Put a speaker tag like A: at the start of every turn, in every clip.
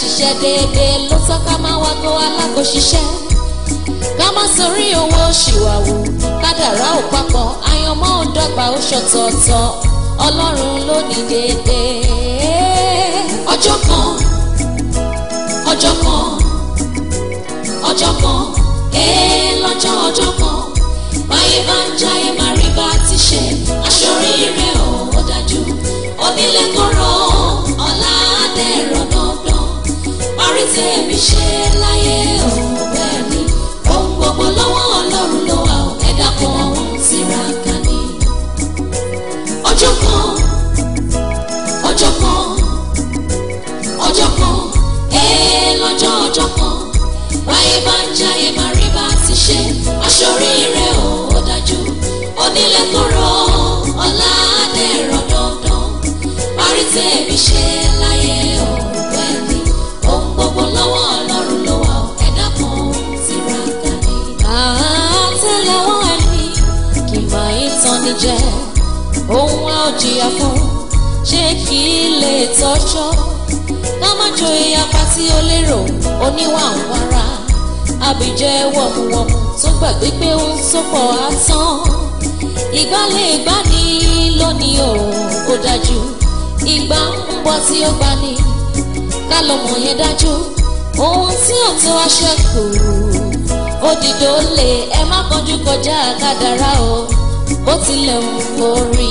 A: ṣiṣẹ́ déédéé ló tọ́ ká máa wá kó alákòóṣiṣẹ́ ká má sọrí owó ṣìwàwù kádàrá ò papọ̀ àyànmọ́ ò dọ́gba ó ṣọ̀tọ̀ọ̀tọ̀ ọlọ́run ló ní déédéé. ọjọ́ kan ọjọ́ kan ọjọ́ kan ee lọ́jọ́ ọjọ́ kan báyé bá ń jayé má bá ti ṣe aṣọ rí tèmi ṣe láyé o bẹ́ẹ̀ ni ohun gbogbo lọ́wọ́ ọlọ́run ló wà ó ẹ̀dá kan ọ̀hún tiraka ni. ọjọ́ kan ọjọ́ kan ọjọ́ kan ee lọ́jọ́ ọjọ́ kan báyé bá ń jayé má rí bá ti ṣe aṣọ oríire o ó dájú onílẹ̀ tó rọ ọ̀la dẹ̀rọ̀ dandan parí tèmi ṣe. ìyá fún ṣé kì í lè tọ́jọ́ lámájò ìyapa tí ó lérò oníwà ń wára àbíjẹ́ wọ̀mùwọ̀mù tó gbàgbé pé ó ń sopọ̀ á tán ìgbálẹ̀ ìgbani lónìí òun ó dájú ìgbà ń bọ̀ tí ó gbani ká yẹn dájú ohun tí ò tó aṣọ kù òdìdó lè ẹ má kánjú kọjá kádàrá o ó tilẹ̀ ń borí.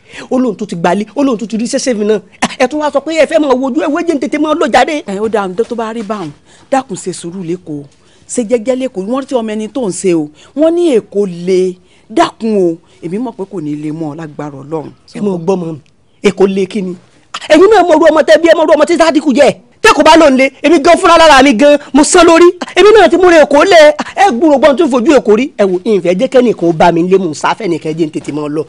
B: olóhùn tó ti gbalé olóhùn tó ti rí sẹ́sẹ́ mi náà ẹ tún wá sọ pé ẹ fẹ́ máa wojú ẹ wéjì tètè máa lọ jáde. ẹ ó dàrú tó bá rí báwọn dákun ṣe sùúrù lẹ́kọ̀ọ́ ṣe jẹ́jẹ́ lẹ́kọ̀ọ́ wọ́n ti ọmọ ẹni tó ń ṣe o wọ́n ní èkó le dákun o èmi mọ̀ pé kò ní le mọ́ ọ lágbára ọlọ́run. ẹ mọ gbọ́ mọ èkó le kí ni ẹ̀yin náà mọ̀ ru ọmọ tẹ́ bí ẹ mọ̀ ru ọmọ tí sádìkù jẹ́ tẹ́kọ̀ọ́ bá ló ń le èmi gan fúnra lára mi gan mo sán lórí èmi náà ti múra èkó lẹ ẹ gbúrògbọ́n tó fojú èkó rí ẹ wò ìfẹ́ jẹ́kẹ́ nìkan ó bá mi lé mò sáfẹ́ nìkan jẹ́ ń tètè mọ́ ọ lọ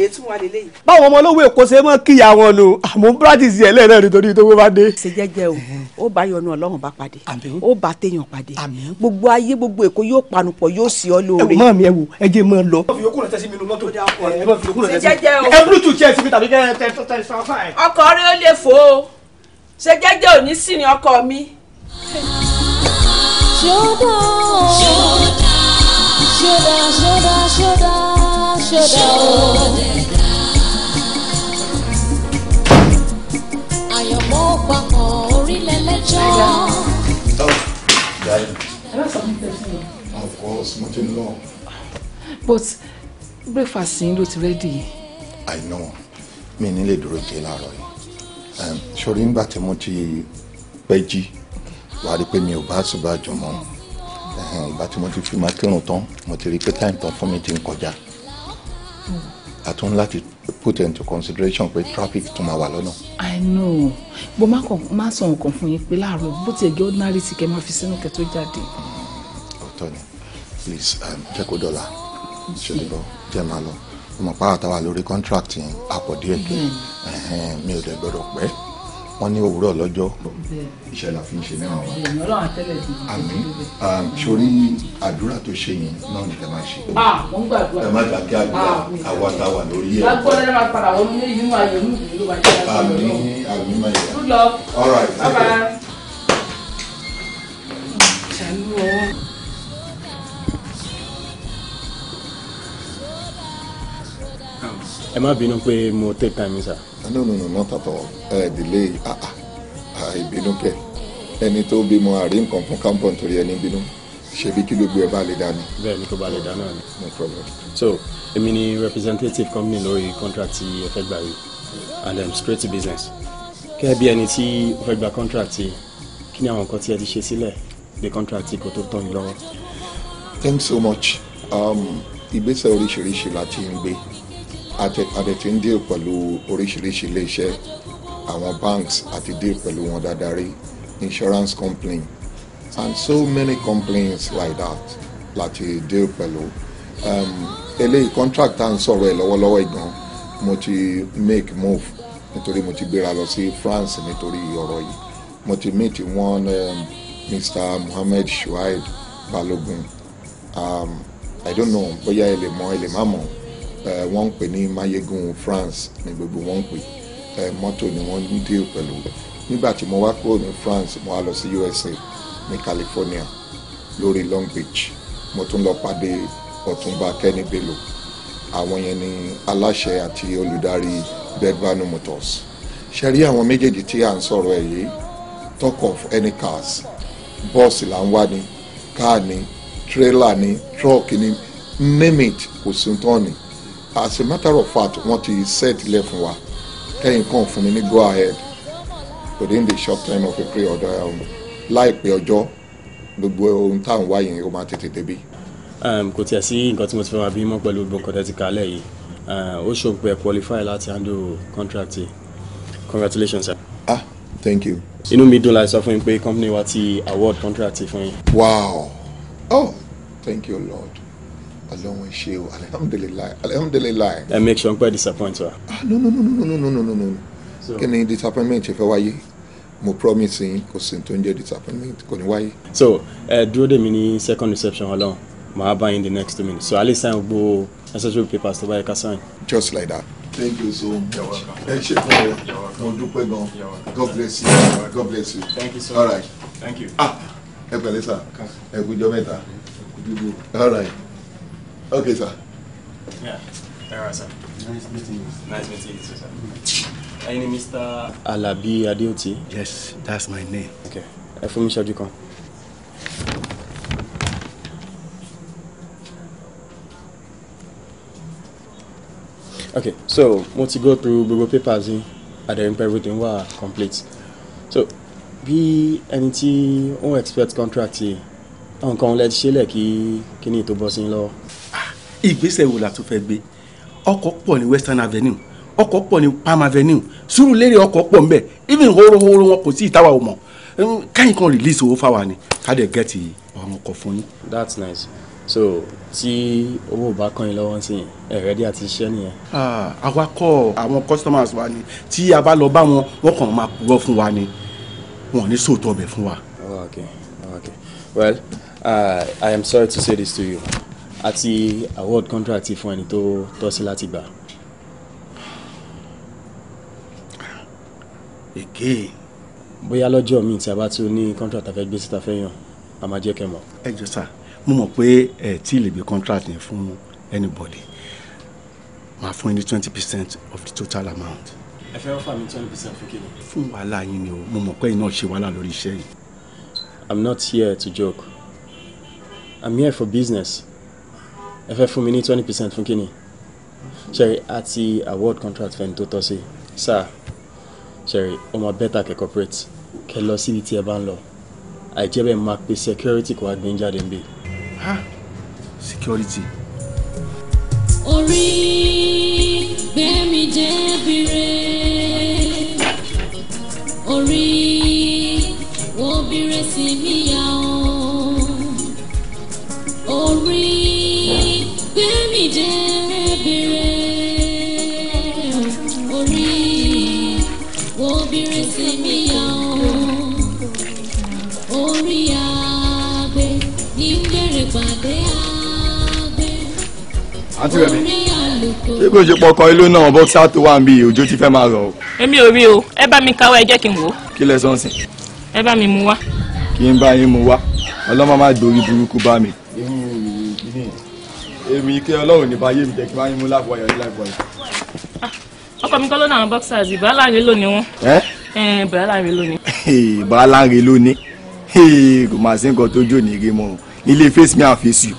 B: èyí tún wà lélẹ́yìí. báwọn ọmọ olówó èkó ṣe máa kíyà wọn nu àmọ́ practice yẹn lẹ́ẹ̀rẹ́ nítorí tó wọ́n bá dé. ṣe jẹ́jẹ́ o ó bá yọnu ọlọ́run bá pàdé ó bá téèyàn pàdé gbogbo ayé gbogbo èkó yóò panupọ̀ yóò sí ọ lóore. mọ mi ẹ wo ẹ jẹ mọ lọ. ọkọ rẹ ó ṣe jẹ́jẹ́ ò ní sí ọkọ mi. ṣọdá
A: ṣọdá ṣọdá ṣọdá ṣẹ̀dá o. àyànmọ́ papọ̀ orílẹ̀ lẹ́jọ́.
C: Of course, mo ti ń
A: But breakfast yín
B: ló ready. I know
C: Me ní do dúró jẹ láàárọ̀ yìí sori ńgbà tí mo ti pẹ́ jí wà á rí i pé mi ò bá ṣùgbọ́n àjùmọ̀ ìgbà mo ti fi máa kírun tán mo ti rí i pé táìmù tán mi ti ń kọjá. I don't like láti put into consideration pé traffic tún máa wà lọ́nà.
D: i know
B: bó ma, kàn má sọ nǹkan fún yín pé láàárọ̀ bó tiẹ̀ jẹ́ ordinary tí kẹ́ máa fi sínú kẹ́ tó jáde.
C: ọ̀tọ̀ ni please um, jẹ́ kó dọ́là ṣèlérò jẹ́ máa lọ mo mọ̀ pàrọ̀ táwa lórí contract yẹn àpọ̀ díẹ̀ díẹ̀ mi ò dẹ̀ gbọ́dọ̀ pẹ́ wọ́n ní òwúrọ̀ lọ́jọ́ iṣẹ́ la fi ń ṣe náà
D: wá àmì
C: sórí àdúrà tó ṣe yẹn náà ni ká máa ṣe
D: ẹ má gbà kí àdúrà
C: àwa ta wà lórí ẹ̀. àmì àmì máa yẹ.
A: all right. Bye bye.
C: ẹ má bínú pé mo take time sir. Ah, no no no not at all ẹ delay àìbínú ah, ah, kẹ ẹni tó bímọ àrí nǹkan fún compound torí ẹni bínú ṣebí kí gbogbo ẹ bá lè dání.
E: bẹ́ẹ̀ni tó bá lè dáná ni. no problem. so èmi ni representative company lórí contract tí ẹ fẹ́ gbà yìí and um, straight to business. kẹ́ bí ẹni tí ó fẹ́ gba contract yìí kí ni àwọn nǹkan tí ẹ ti ṣe sílẹ̀ gbé contract yìí kó tó tọ́ mi
C: lọ́wọ́. thanks so much um, ìgbésẹ̀ oríṣiríṣi la ti ń gbé adẹ̀tí ń deal pẹ̀lú oríṣiríṣi iléeṣẹ́ àwọn banks àti deal pẹ̀lú wọn dáadáa insurance company and so many companies like that láti deal pẹ̀lú um, eléyìí contract tá à ń sọ̀rọ̀ ẹ̀ lọ́wọ́lọ́wọ́ ìgbọ́n mo ti make move nítorí mo ti gbéra lọ sí France nítorí ọ̀rọ̀ yìí mo ti meet one um, Mr. Mohammed Shuaib Balogun um, I don't know bóyá ẹ lè mọ̀ ẹ lè má mọ̀ wọ́n ń pè ní mayegun France ní gbogbo wọ́n ń pè mọ́tò ni wọ́n ń dé pẹ̀lú nígbà tí mo wá kúrò ní France mo wá lọ sí USA ní California lórí Long Beach mo tún lọ pàdé ọ̀túnba Kenny Bello àwọn yẹn ni aláṣẹ àti olùdarí Bedvanu Motors ṣe rí àwọn méjèèjì tí à ń sọ̀rọ̀ ẹ̀ yìí talk of any cars bọ́ọ̀sì là ń wá ni káà ni tírélà ni tírọ́ọ̀kì ni name it kò sí tán ni as a matter of fact wọ́n ti ṣẹ́ẹ̀tìlẹ̀ fún wa ẹ̀yìn kan fún mi ní go ahead within the short time of a period um, láìpẹ́ ọjọ́ gbogbo ohun tá à ń wá yẹn ó máa tètè débi.
E: Um, kò tiẹ̀ sí nǹkan tí mo ti fẹ́ máa bí mọ́ pẹ̀lú gbogbo nǹkan tẹ́ ti kálẹ̀ yìí uh, ó ṣòwò pé ẹ qualify láti handle contract congratulations sir.
C: ah thank you.
E: inú mi dùn láti sọ fún yín pé company wa ti award contract yìí fún yín.
C: wow oh thank you lord Ọlọ́run ṣe o alihamudulilayi alihamudulilayi. ẹ make sure n pẹ disappoint ah no no no no no no no no no no. kí ni disappointment ṣe fẹ́ wáyé
E: mo promise yín kò sí tó ń jẹ́ disappointment kò ní wáyé. so ẹ dúró dè mí ní second reception Ọlọ́run màá bá yín the next two minutes so alẹ́ sign gbogbo necessary papers tó bá yẹ ká sign.
C: just like that. Thank you so much. Ẹ ṣe fún ẹ. Mo dúpẹ́ gan. God bless you. God bless you. Thank you so much. All right. Thank you. Ah, ẹ pẹ̀lẹ́ sá. Ẹ kú mẹ́ta. All right. Okay, sir.
E: Yeah. All right, sir. Nice meeting you. Nice meeting you, sir. Are Mr. Alabi Adeoti? Yes, that's my name. Okay. Ẹ fún mi Okay, so once you go through gbogbo papers and then everything was complete. So bí ẹni tí expert contract yìí, àwọn let's lè ṣe lẹ̀ kí kíní tó bọ́ sí ìgbésẹ̀ wo la tún fẹ́ gbé ọkọ̀ pọ̀ ní Western Avenue ọkọ̀ pọ̀ ní Palm Avenue Sùúrùlérè ọkọ̀ pọ̀ ń bẹ̀ even horohoro wọn kò sí ìtawà ò mọ̀ káyìn kan release owó fáwa ni ká dẹ̀ gẹ́tì ọ̀run ọkọ̀ fún yín. that's nice so tí owó bá kàn yín lọ́wọ́ sí ẹ̀rẹ́ dí àti iṣẹ́ nìyẹn.
B: àwa kọ àwọn customers wa ni tí a bá lọ bá wọn wọn kàn máa purọ́ fún
E: wa ni wọn ní sòótọ́ ọbẹ̀ fún wa. Oh, okay oh, okay well uh, I am sorry to say this to you àti award contract fún ẹni tó tọ́ sí láti gbà. èké. bóyá lọ́jọ́ míì tí a bá tún ní contract afẹ́ gbé síta fẹ́ yàn a máa jẹ́ kẹ́ mọ̀. ẹ jọ sá mo mọ̀ pé ẹ tí ì contract yẹn fún anybody máa fún yín twenty percent of the total amount. ẹ fẹ́ fà mí twenty percent fún kíni. fún wàhálà yín ni o mo mọ̀ pé iná ṣe wàhálà lórí iṣẹ́ yìí. I'm not here to joke. I'm here for business ẹ fẹ́ fún mi ní twenty percent fún kíni ṣẹ́rí àti award contract fẹ́ni tó tọ́ sí sir ṣẹ́rí ọmọ bẹ́tà kẹ́ corporate kẹ́ lọ síbi tí ẹ bá ń lọ àìjẹ́ bẹ́ẹ̀ máa pe security kó wá gbé ń jáde ń bè. security.
A: orí gbẹ̀mí jẹ́ bire orí wo bire sí mi yá o. àti rẹ̀ mi. ṣé
E: kò ṣe pọkàn ilé náà bọ́ksá tó wà níbi òjò ti fẹ́ máa rọ̀ o.
B: èmi ò rí o ẹ bá mi káwọ́ ẹ jẹ́ kí n wò ó.
E: kí lẹ sọ́ọ̀sì. ẹ bá mi mú wá. kí n bá yín mú wá ọlọ́mọ má gbórí burúkú bá mi èmi kí ọlọ́run ní báyé mi jẹ́ kí báyé mú láàbù ayọ̀ ní láàbù ayọ̀.
F: Ah, ọkọ mi kọ́ ló ní àwọn boxers ìbáláre ló ní wọn. ìbáláre
E: ló ní. ìbáláre ló ní kò máa sí nǹkan tó jò ní eré mọ́ nílé face me and face you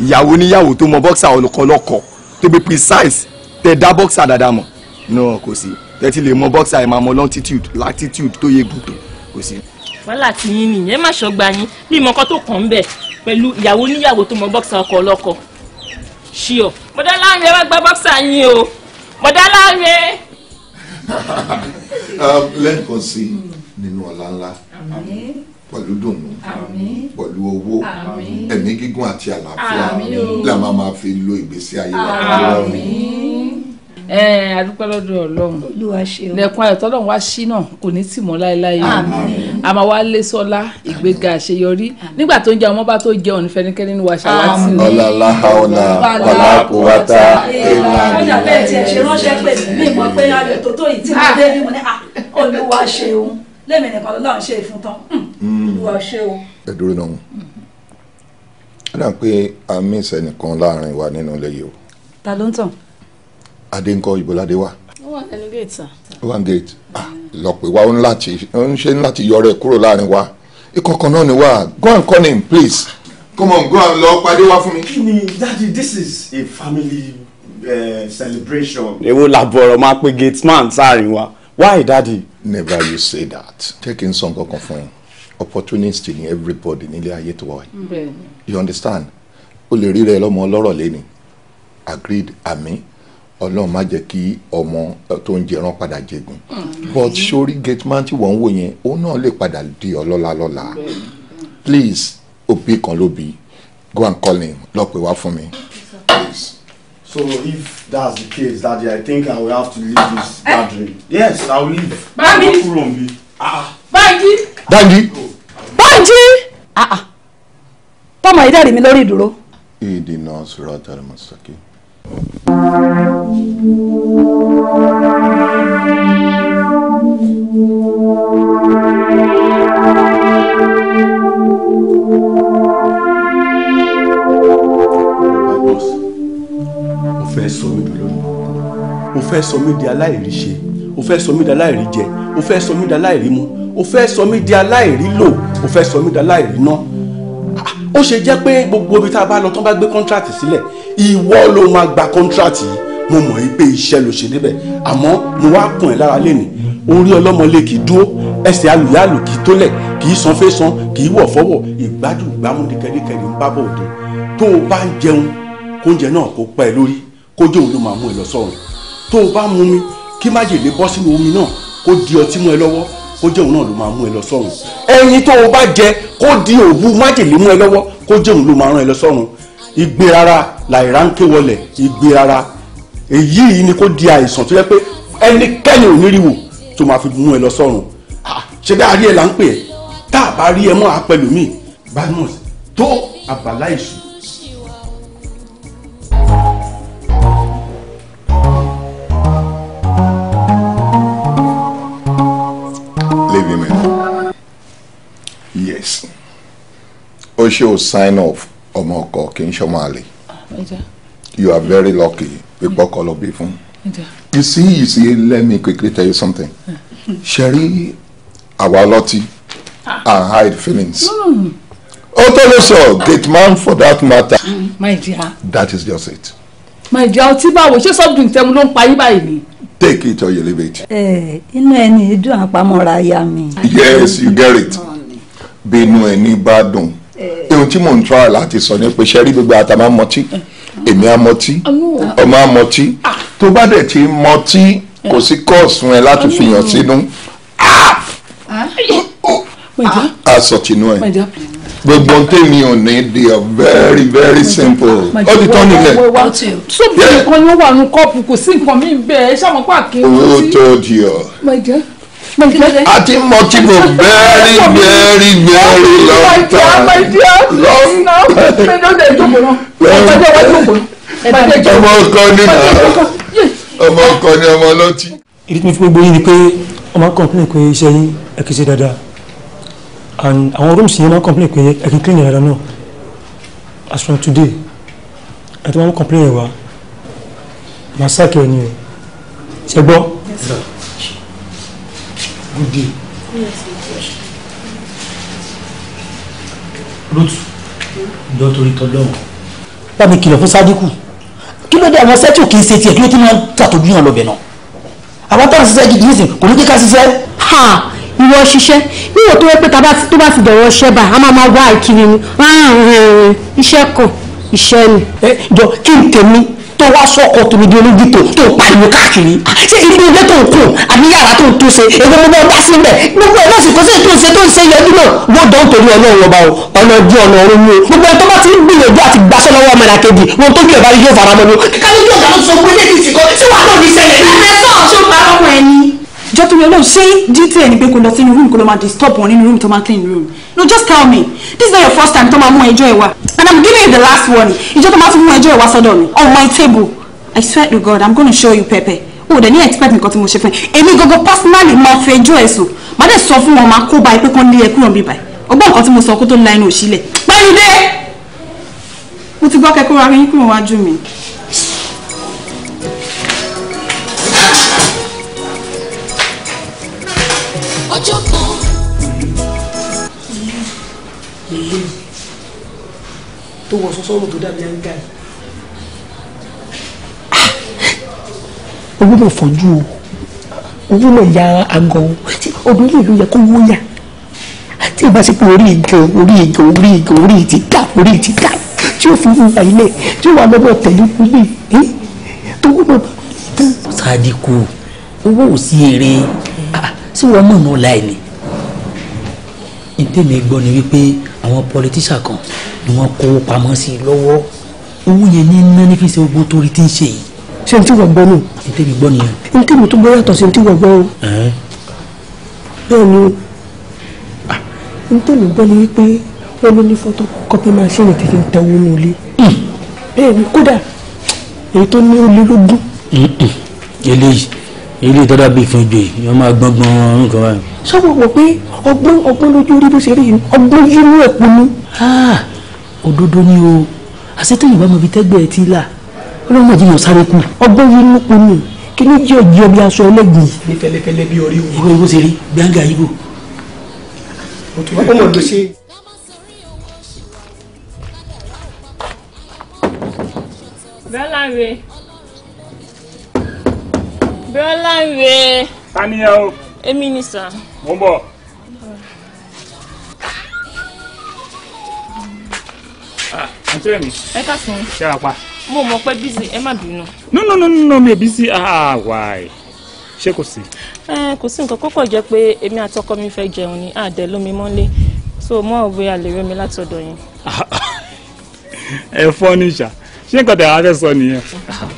E: ìyàwó níyàwó tó mọ boxer ọlọ́kọ̀ọ́lọ́kọ̀ tó bí precise tẹ dá boxer dáadáa mọ̀ náà kò sí tẹ́tí lè mọ boxer ẹ̀ máa mọ longitude latitude tó yẹ gùn tó kò sí.
B: wàhálà tí yín nìyẹn má ṣọgbà yín bí ìmọ̀kọ́ tó kàn ń bẹ̀ pẹ̀lú ìyàwó níyàwó tó mọ boxer ọkọ ọlọ́kọ̀ọ́ ṣíọ. bọ̀dá láàrin wá gba bọ́ksà yín
D: o bọ̀dá láàrin.
C: Um, lẹ́ẹ̀kan sí nínú ọ̀la ńlá pẹ̀lú dùnú pẹ̀lú owó ẹ̀mí gígùn àti àlàáfíà la máa máa fi lo ìgbésí ayé wa
D: ẹ adúpẹ́ lọ́dọ̀ ọlọ́run lẹ́kùn ayọ̀tọ́ lọ́run wá sí náà kò ní tì mọ́
B: láéláé a máa wá lé sọlá ìgbéga àṣeyọrí nígbà tó ń jẹ ọmọ bá tó jẹ
D: òní fẹnikẹ́ni ní wa ṣàwátì.
C: ọ̀làlá ọ̀nà ọ̀là kùwàtà
B: ìlànà. ọjà
F: bẹ́ẹ̀ tiẹ̀ ṣe ránṣẹ́ pè mi mọ̀ pé ayọ̀ tó tó yìí tí mo dé ní ní ah, olúwa ṣeun lẹ́mìí nìkan ló láwọn ṣe ìfún hmm,
C: hmm. ẹ dúró náà ó dà pé àmì ìsẹ̀nìkan láàrin wa nínú ilé yìí o. ta ló ń tàn. adé ńkọ́ ìbò ládé lọ́pẹ́ wa ó ń ṣe ń láti yọrẹ kúrò láàrin wa ikọ̀ kan náà ni wa go and call him please
E: come on go and lọ pàdé wá fún mi. kí ni daddy this is a family uh,
C: celebration. èwo làbọ̀ ọ̀rọ̀ máa pe gate man sáàrin wa why daddy. never you say that take in some kankan fún opportunity ni everybody nílé ayé tó wà you understand o lè rí rẹ lọ́mọ ọlọ́rọ̀ lẹ́ni agreed àmì ọlọ́run má jẹ́ kí ọmọ tó ń jẹran padà jẹ̀gùn hmm. but sórí gateman tí wọ́n ń wò yẹn òun náà lè padà di ọlọ́lá lọ́la please òbí kan ló bí go and call him lọ pè wá fún mi.
E: So if that's the case, Daddy, I think I will have to leave this eh. gathering. Yes, I will leave. Banji.
B: Banji. Banji. Banji. Ah ah. Tọ́mọ
F: ìdárí mi lórí ìdúró.
C: not surrender, àtàrà màsàkì
E: fẹ́ sọ mí di aláìrí ṣe o fẹ́ sọ mí di aláìrí jẹ o fẹ́ sọ mí di aláìrí
B: mu o fẹ́ sọ mí di aláìrí lò o fẹ́ sọ mí di aláìrí ná ó ṣe jẹ́ pé gbogbo ibi tá a bá lọ tán bá gbé kọ́ńtrátì sílẹ̀ ìwọ ló máa gba kọ́ńtrátì yìí mo mọ̀ yìí pé iṣẹ́ ló ṣe débẹ̀ àmọ́ mo wá kùn ẹ́ lára lẹ́nu orí ọlọ́mọlé kì í dúró ẹsẹ̀ alùyálù kì í tólẹ̀ kì í san fẹ́ san kì í wọ̀ fọ́wọ̀ ìgbádùn ìgbámú dikẹ́dikẹ́ni ń bábọ̀ òde tó o bá ń jẹun kóúnjẹ náà kó pa ẹ lórí kójú òun ló máa mú ẹ lọ sọ́run tó o bá mu mi kí májèlé bọ́ sínú omi náà kó di ọtí mú ẹ lọ́wọ́ kó jẹ́ òun náà ló máa mú ẹ lọ sọ́run ẹyin tó o bá jẹ kó di òwú májèlé mú ẹ lọ́wọ́ kó jẹ́ òun ló máa rán ẹ lọ sọ́run igbe ara làìránkè wọlẹ̀ igbe èyí ni kó di àìsàn tó yẹ pé ẹnikẹ́ni ò ní rí wò tó máa fi mú ẹ lọ sọ́run ṣé bí arí ẹ là ń pè ẹ tá a bá rí ẹ mọ́ apẹlòmíì badmus tó àbàlá
C: yes o ṣe o sign off ọmọ ọkọ kì í ṣọmọ àlè you are very lucky pípọ́ kọ́ ló bí fún you see you see let me quickly tell you something ṣe rí àwa ọlọ́tí and ah. hide feelings ó tó ló sọ gate man for that matter mm, that is just it.
F: my dear ọtí báwo ṣé sọ́dún ìtẹ́mu ló ń pa
C: yín báyìí ni. take it or you leave it.
F: ẹ inú ẹni dùn àpamọ́ra ya mi.
C: yes you get it bí inú ẹni bá dùn ohun tí mò ń try láti sọ ni pé ṣe rí gbogbo àtàmà mọtí èmi àmọtí ọmọ àmọtí ah. tó bá dẹ̀ ti mọtí kò sí kọ́ọ̀sùn ẹ láti fi hàn sínú asọ̀tìnú ah. ah. ẹ gbogbo tèmi ò ní di ọ very very simple ó ti tán nílẹ̀.
B: sóbì nìkan ló wà nù kọ́ọ̀pù kò sí nǹkan mi bẹ́ẹ̀ ṣàmọ́pà kí n lọ sí. owó tó di ọ àti mọtìmọ bẹẹrí bẹẹrí bẹẹrí lọtà lọtà ọmọ ọkọ ni ọmọ ọkọ ni ọmọ ọlọtí. ìdí tí mo fi gbogbo yín ni pé ọmọ kọ̀ǹpìlẹ̀ pé iṣẹ́ yín ẹ
D: kì í ṣe dáadáa and àwọn rooms yẹn máa kọ̀ǹpìlẹ̀ pé ẹ kì í clean dáadáa náà as from today ẹ tó máa kọ̀ǹpìlẹ̀ yẹn wá màá sáàkì ẹ̀ ní o ṣe gbọ́. Yes, sir good day. ruth
B: jọ torí tọlọ́run. bá mi kìlọ̀ fún sádíkù kí ló dé àwọn sẹ́tù kì í ṣe tiẹ̀ kí ló ti máa ń tàtójú yàn lọ́bẹ̀ náà àwọn táwọn ṣiṣẹ́ gidi nísìn kò ní kí ṣiṣẹ́. ha ìwọ
F: ṣiṣẹ́ ní ìwọ tó wẹ́ pé tó bá ti dọ̀rọ̀ ṣẹ́ bá a máa máa wá ìkiri ni ah, eh, iṣẹ́ kọ̀ iṣẹ́ ni. ẹ eh, jọ kí n tèmi tó wá sọ́kọ tó di olójútó tó ń pariwo káàkiri ah, ṣé ibi ilé tó ń kùn àbí
B: yàrá tó ń tó ṣe èwo mo bá dá síbẹ̀
A: gbogbo ẹ̀ náà sì kó sí ètò ìṣe tó ń ṣe yẹjú náà
B: wọ́n dán torí ọlọ́run ọba o ọ̀nà ojú ọ̀nà ọ̀run mi o gbogbo ẹ̀ tó bá ti ń gbìyànjú àti gbaṣẹ́ lọ́wọ́ ọmọ ìlàkejì wọn tó gbìyànjú àti yóò fara mọ́ ni. kálíjú ọ̀gá ló sọ pé lè ti sìnkọ́ tí wàá náà ní ṣẹlẹ̀ ní ẹ̀sán ọ̀ṣun parọ́mọ ẹni. jọ torí ọlọ́run ṣé jíjẹ́ ẹni pé kò lọ sínú rúùmù kó lọ máa disturb wọn nínú rúùmù tó máa clean rúùmù no just tell me this is not your first time tó máa mú ẹjọ́ ẹ wá and I'm giving you the last warning ìjọ just máa tún mú ẹjọ́ ìwá on my table I swear to God I'm going to show you Pepe Oh, ò dẹ̀ ní expect nǹkan tí mo ṣe go ẹ èmi gangan personally máa fẹ́ ẹjọ́ ẹ̀sùn má dẹ̀ sọ fún wọn by kó ba ẹpẹ́ kan lé ẹ kúrò bíbá ọgbọ́n nǹkan tí mo sọ kó tó ń la inú òṣìlẹ̀ pẹ́lú dé mo ti gbọ́ kẹ́kọ̀ọ́ ra rí kúrò wájú mi. tó wọ sọ́sọ́rọ̀ tó dàbí àǹgá yìí. o gbọ́dọ̀ fọ́jú o o gbọ́dọ̀ ya àgọ́ o obìnrin ló yẹ kó wó yà tí ìbá ṣe orí ìgò orí ìgò orí ìgò orí ìtìta orí ìtìta tí ó fi wúwa ilé tí ó wà lọ́dọ̀ tẹ̀lé ilé tó gbọ́dọ̀ bá sadiku owó ò sí eré ah, sí wọn mọ̀nà láì ní ìdí mi gbọ́ ni wípé àwọn pọlitíṣà kan ni wọ́n kó pamọ́ sí i lọ́wọ́
F: owó yẹn ní ná ní fi ṣe ogun torí tí ń ṣe yìí. ṣé n tí wọ́n gbọ́ nù.
B: n tẹ́bi gbọ́ nìyẹn. n tẹ́bi tó gbọ́ yàtọ̀ sí n tí wọ́n gbọ́ o. bẹ́ẹ̀ ni n tẹ́bi gbọ́ ni wípé wọ́n ló ní fọ́tò kọ́pì máṣíìnì tí fi ń tẹ owó ilé. Hmm. bẹ́ẹ̀ ni kódà èyí tó ní olè lógún.
A: Hmm,
D: hmm. eléyìí eléyìí tó dàbí ìfúnjò yìí wọ́n máa gbọ́ngbọ́n nǹkan báyìí
B: sọ́wọ́ wò pé ọgbọ́n ọgbọ́n lójú rí bó ṣe rí yìí ọgbọ́n yínú ẹ̀pọ̀ ni. Ah, òdodo ni o àṣetẹ̀yìnbá mọ̀ fi tẹ́gbẹ̀ẹ́ ti là ọlọ́mọ jìnnà sáré kù. ọgbọ́n yínú ẹ̀pọ̀ ni kí ni jẹ́ ọjọ́ bí aṣọ ẹlẹ́gbìn. ní fẹlẹfẹlẹ bí orí wo. ìwé ìwé ṣe rí gbẹ̀ngà yìí bò. ọmọ ọdún ṣe.
D: Bẹ́láre. Bẹ́láre. Tani ẹ o. Èmi ni sàn mo ń bọ̀. Ah, àǹtí mi. ẹ ká sùn. ṣé a pa. mo mọ̀ pé bísí ẹ má bínú. no no no no mi ò bísí ah, wáì ṣé kò sí. ẹ kò sí nǹkan kókò jẹ́ pé èmi àtọkọ mi
F: fẹ́ jẹun ni àdẹ lómi mọ́lé so mọ òwe àlè rẹ mi látọ̀dọ̀ yẹn.
D: ẹ fọ́ níṣà ṣé nǹkan tẹ̀ wá fẹ́ sọ nìyẹn ah.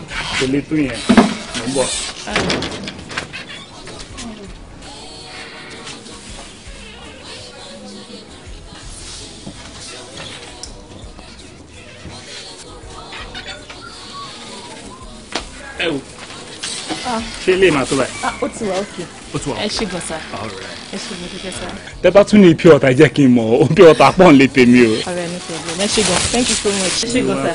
D: ẹ wò ah. ṣé ilé ìmọ̀ tó báyìí. Ah, ó ti wà òkè ó ti wà òkè ẹ ṣe gbọ̀nsá ẹ ṣe gbọ̀nsá. tẹ bá tún ní pure water jẹ́ kí n mọ̀ ó pure water pọ̀ ń lé tèmi o. ọ̀rẹ́ mi pẹ̀lú ẹ ṣe gan thank you so much ẹ ṣe gbọ̀nsá.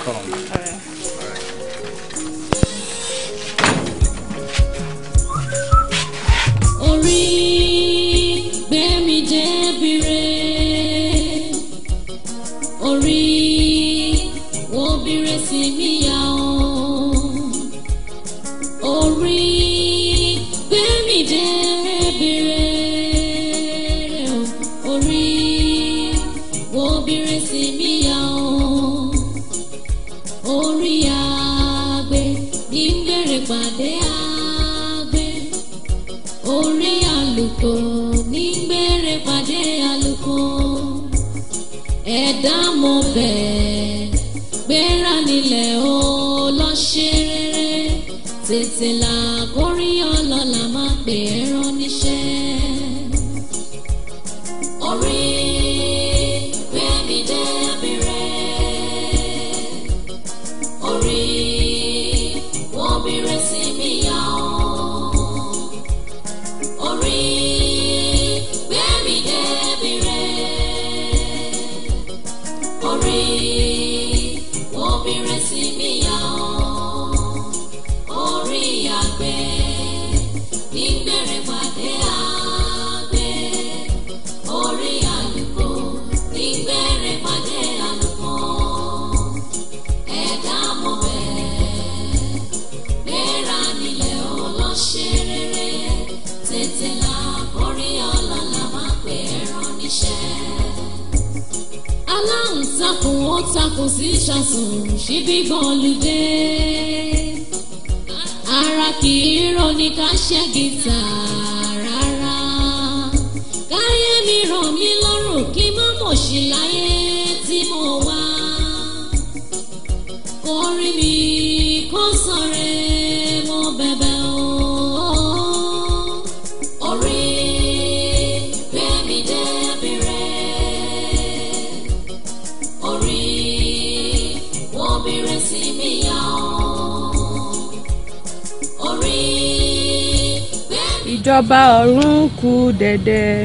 A: ìjọba ọ̀run ń kù dẹ̀dẹ̀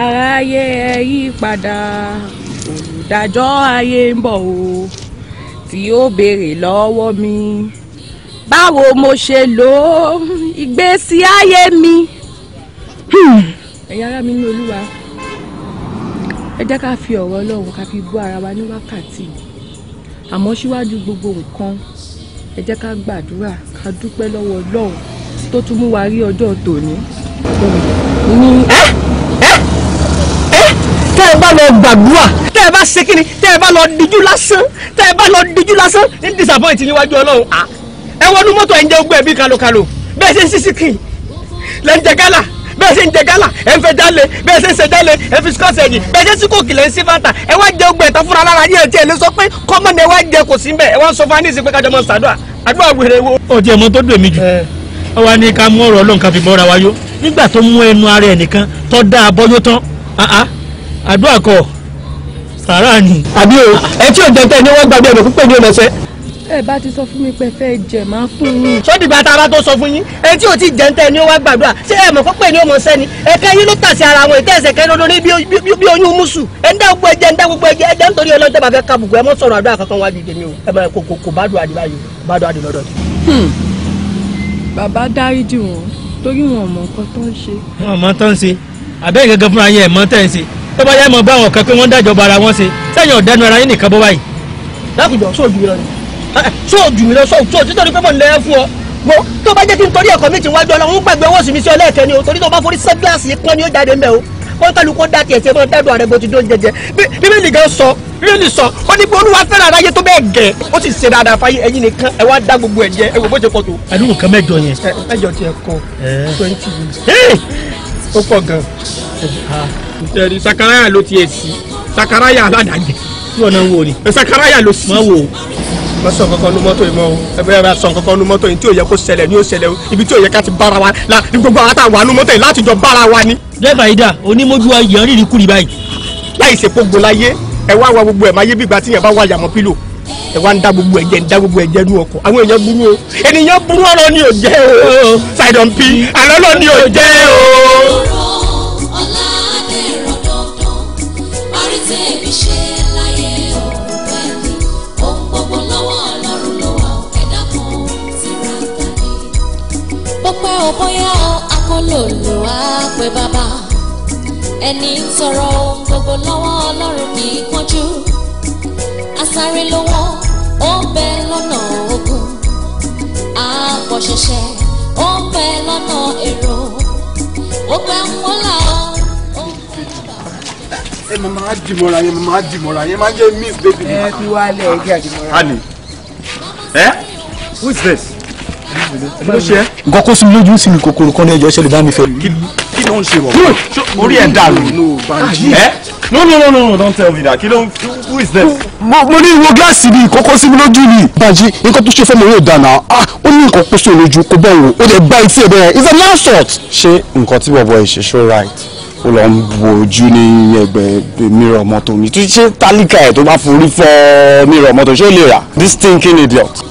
A: aráyé ẹ yí padà olùdájọ́ ayé ń bọ̀ o tí ó béèrè lọ́wọ́ mi báwo
B: mo ṣe lò ó ìgbésí ayé mi. Hmm. ẹ̀yin ará mi ní olúwa ẹ jẹ́ ká fi ọ̀rọ̀ ọlọ́run ká fi bọ́ ara wa ní wákàtí yìí àmọ́ síwájú gbogbo nǹkan ẹ jẹ́ ká gbàdúrà ká dúpẹ́ lọ́wọ́ ọlọ́run tó tún mú wa rí ọjọ́ tòní. ní ẹ ẹ ẹ tẹ́ ẹ bá lọ gbàdúrà tẹ́ ẹ bá ṣe kíni tẹ́ ẹ bá lọ díjú lásán tẹ́ ẹ bá lọ díjú lásán ní disappoint níwájú ọlọ́run ah, ẹ wọnú mọ́tò ẹ̀ ń jẹ́ ogbó ẹ̀bí kalokalo bẹ́ẹ̀ ṣe ń ṣí síkì lẹ́ńjẹ gálà bẹ́ẹ̀ ṣe ń jẹ gálà ẹ̀ ń fẹ́ jálè bẹ́ẹ̀ ṣe ń ṣe jálè ẹ̀ fi sikọ́ọ̀sì ẹ̀yìn bẹ́ẹ̀ ṣe sí kòkì lẹ̀ ń sí fanta ẹ wá jẹ ogbẹ̀ tán fúnra lára yín ẹ̀tí ẹ̀ lè sọ pé kọ́mọ ni ẹ wá jẹ kò sí mbẹ́ ẹ wá ń sọ fún anísì pé kájọ mọ sàdúrà àdúrà wèrè wo. ọjọ́ ìmọ̀ tó dùn mí jù ọ wá ní ká mú ọ̀rọ̀ Ọlọ́run fi bọ́ra wa nígbà tó mú ẹnu ara ẹ̀ nìkan tó dá a bọ́yó tán àdúrà kọ sàrà ni. àbí o ẹ tí ò jẹ tẹ ni wọn gbàgbé ẹnu ẹ bá ti sọ fún mi pé fẹ́ jẹ máa fún yín. sódì bàtà bá tó sọ fún yín ẹ tí ò ti jẹ́ ń ni ó wá gbàdúrà ṣé ẹ mọ̀ fọ́pẹ́ ni ó mọ̀ sẹ́ni ẹ̀kẹ́ yín ló tà sí ara wọn ìtẹ́sẹ̀ kẹ́ ní bí oyún mùsù ẹ̀ gbogbo ẹ̀jẹ̀ ń gbogbo ẹ̀jẹ̀ ẹ̀jẹ̀ nítorí ọlọ́jọ́ bàbá kàbùkù ẹ̀ mọ̀ sọ̀rọ̀ àdúrà kankan wájú ìdèmí o ẹ̀ mọ̀ kò kò bá àdìbá yìí bá àdìbá lọ́dọ̀ ṣó o jù mí lọ sọ òtún òtún torí pé mò ń lẹ́yẹ fún ọ mo tó bá jẹ́ kí n torí ẹ̀kọ́ mi ti wájú ọlọ́run pàgbé owó òsìmísí ọlẹ́ẹ̀kẹ́ ni o torí tó bá forí sẹ́gíláàsì yìí pọ́n ni ó jáde ń bẹ̀ o wọ́n kálukú dá tiẹ̀ sí ẹ̀fọ́n tẹ́dùn àrẹ́gbẹ́ ti dó jẹjẹ bíbélì gan sọ bíbélì sọ ó ní pé olúwa fẹ́ràn aráyé tó bẹ́ẹ̀ gẹ̀ ó sì ṣe dáadáa fáyé ẹ̀yin nìkan ẹ̀ wá dá gbogbo ẹ̀ jẹ ẹ̀ wò bó ṣe pọ̀ tó. àdúgbò kan mẹ́jọ yẹn. mẹ́jọ tiẹ̀ kọ twenty years. ó pọ̀ gan.
E: ntẹ̀rí sakaraya ló tiẹ̀ sí sakaraya aládàjẹ.
B: kí ọ̀nà wo ni. sakaraya ló sí. má wo má sọ kankan nu mọ́tò yìí mọ́ o ẹ bá sọ kankan nu mọ́tò yìí tí ò yẹ kó ṣẹlẹ̀ ní ò ṣẹlẹ̀ o ibi tí ò yẹ ká bára wa la gbogbo àwọn àtàwọn àánú mọ́tò yìí láti jọ bára wa ni. dẹ́gbà yìí dà onímọ̀jú wa yẹn rírì kúrì báyìí. láì ṣe pogo láyé ẹ wá wa gbogbo ẹ̀ máa yé bígbà tí yẹn bá wà yàmọ́ pílò ẹ wá ń da gbogbo ẹ̀jẹ̀ ń da gbogbo ẹ̀jẹ̀ nu ọkọ̀ àwọn èèyàn burú o ènìyàn burú ọ̀rọ̀ ò jẹ́ o ṣàìdọ̀npí oh, oh, oh.
A: lòlò á pé bàbá ẹni ń sọ̀rọ̀ ohun gbogbo lọ́wọ́ ọlọ́run kì í kánjú asáré lọ́wọ́ ó ń bẹ lọ́nà ogun àpọ̀ṣẹ̀ṣẹ̀ ó ń bẹ lọ́nà èrò ó pẹ́ ń wọ́lá ó ń bẹ
B: lọ́nà. ẹ màmá á dì mọ́ra yẹn màmá á dì mọ́ra yẹn máa jẹ́ miss baby. ẹ fi wá lẹ̀ ẹ kí a honey ẹ eh? oh. who is this nǹkan kó sún mi lójú sí ni kòkòrò kan ní ẹjọ́ ṣẹlẹ̀ bá mi fẹ́. kí
E: ló ń ṣe wọ̀ orí ẹ̀ dàrú ẹ́ eh? no no no no don't tell me that kí ló ń who is this? mo mo ní ìwo gíláàsì bíi kókó sí mi lójú ni. bàjí nǹkan tó ṣe fẹ́ mi yóò dáná ah, ó ní nǹkan kó sún lójú kó bẹ́ẹ̀ wò ó lè gba etí ẹ̀ bẹ́ẹ̀ it's a last shot. ṣé nǹkan tí bọ̀bọ̀ ẹ̀ ṣe ṣó right ó lọ ń bo ojú ní ẹgbẹ́ mìíràn mọ́tò mi tó ṣe tálíkà ẹ̀ tó bá forí fọ́ mìíràn mọ́tò ṣé ó lè rà this thinking idiot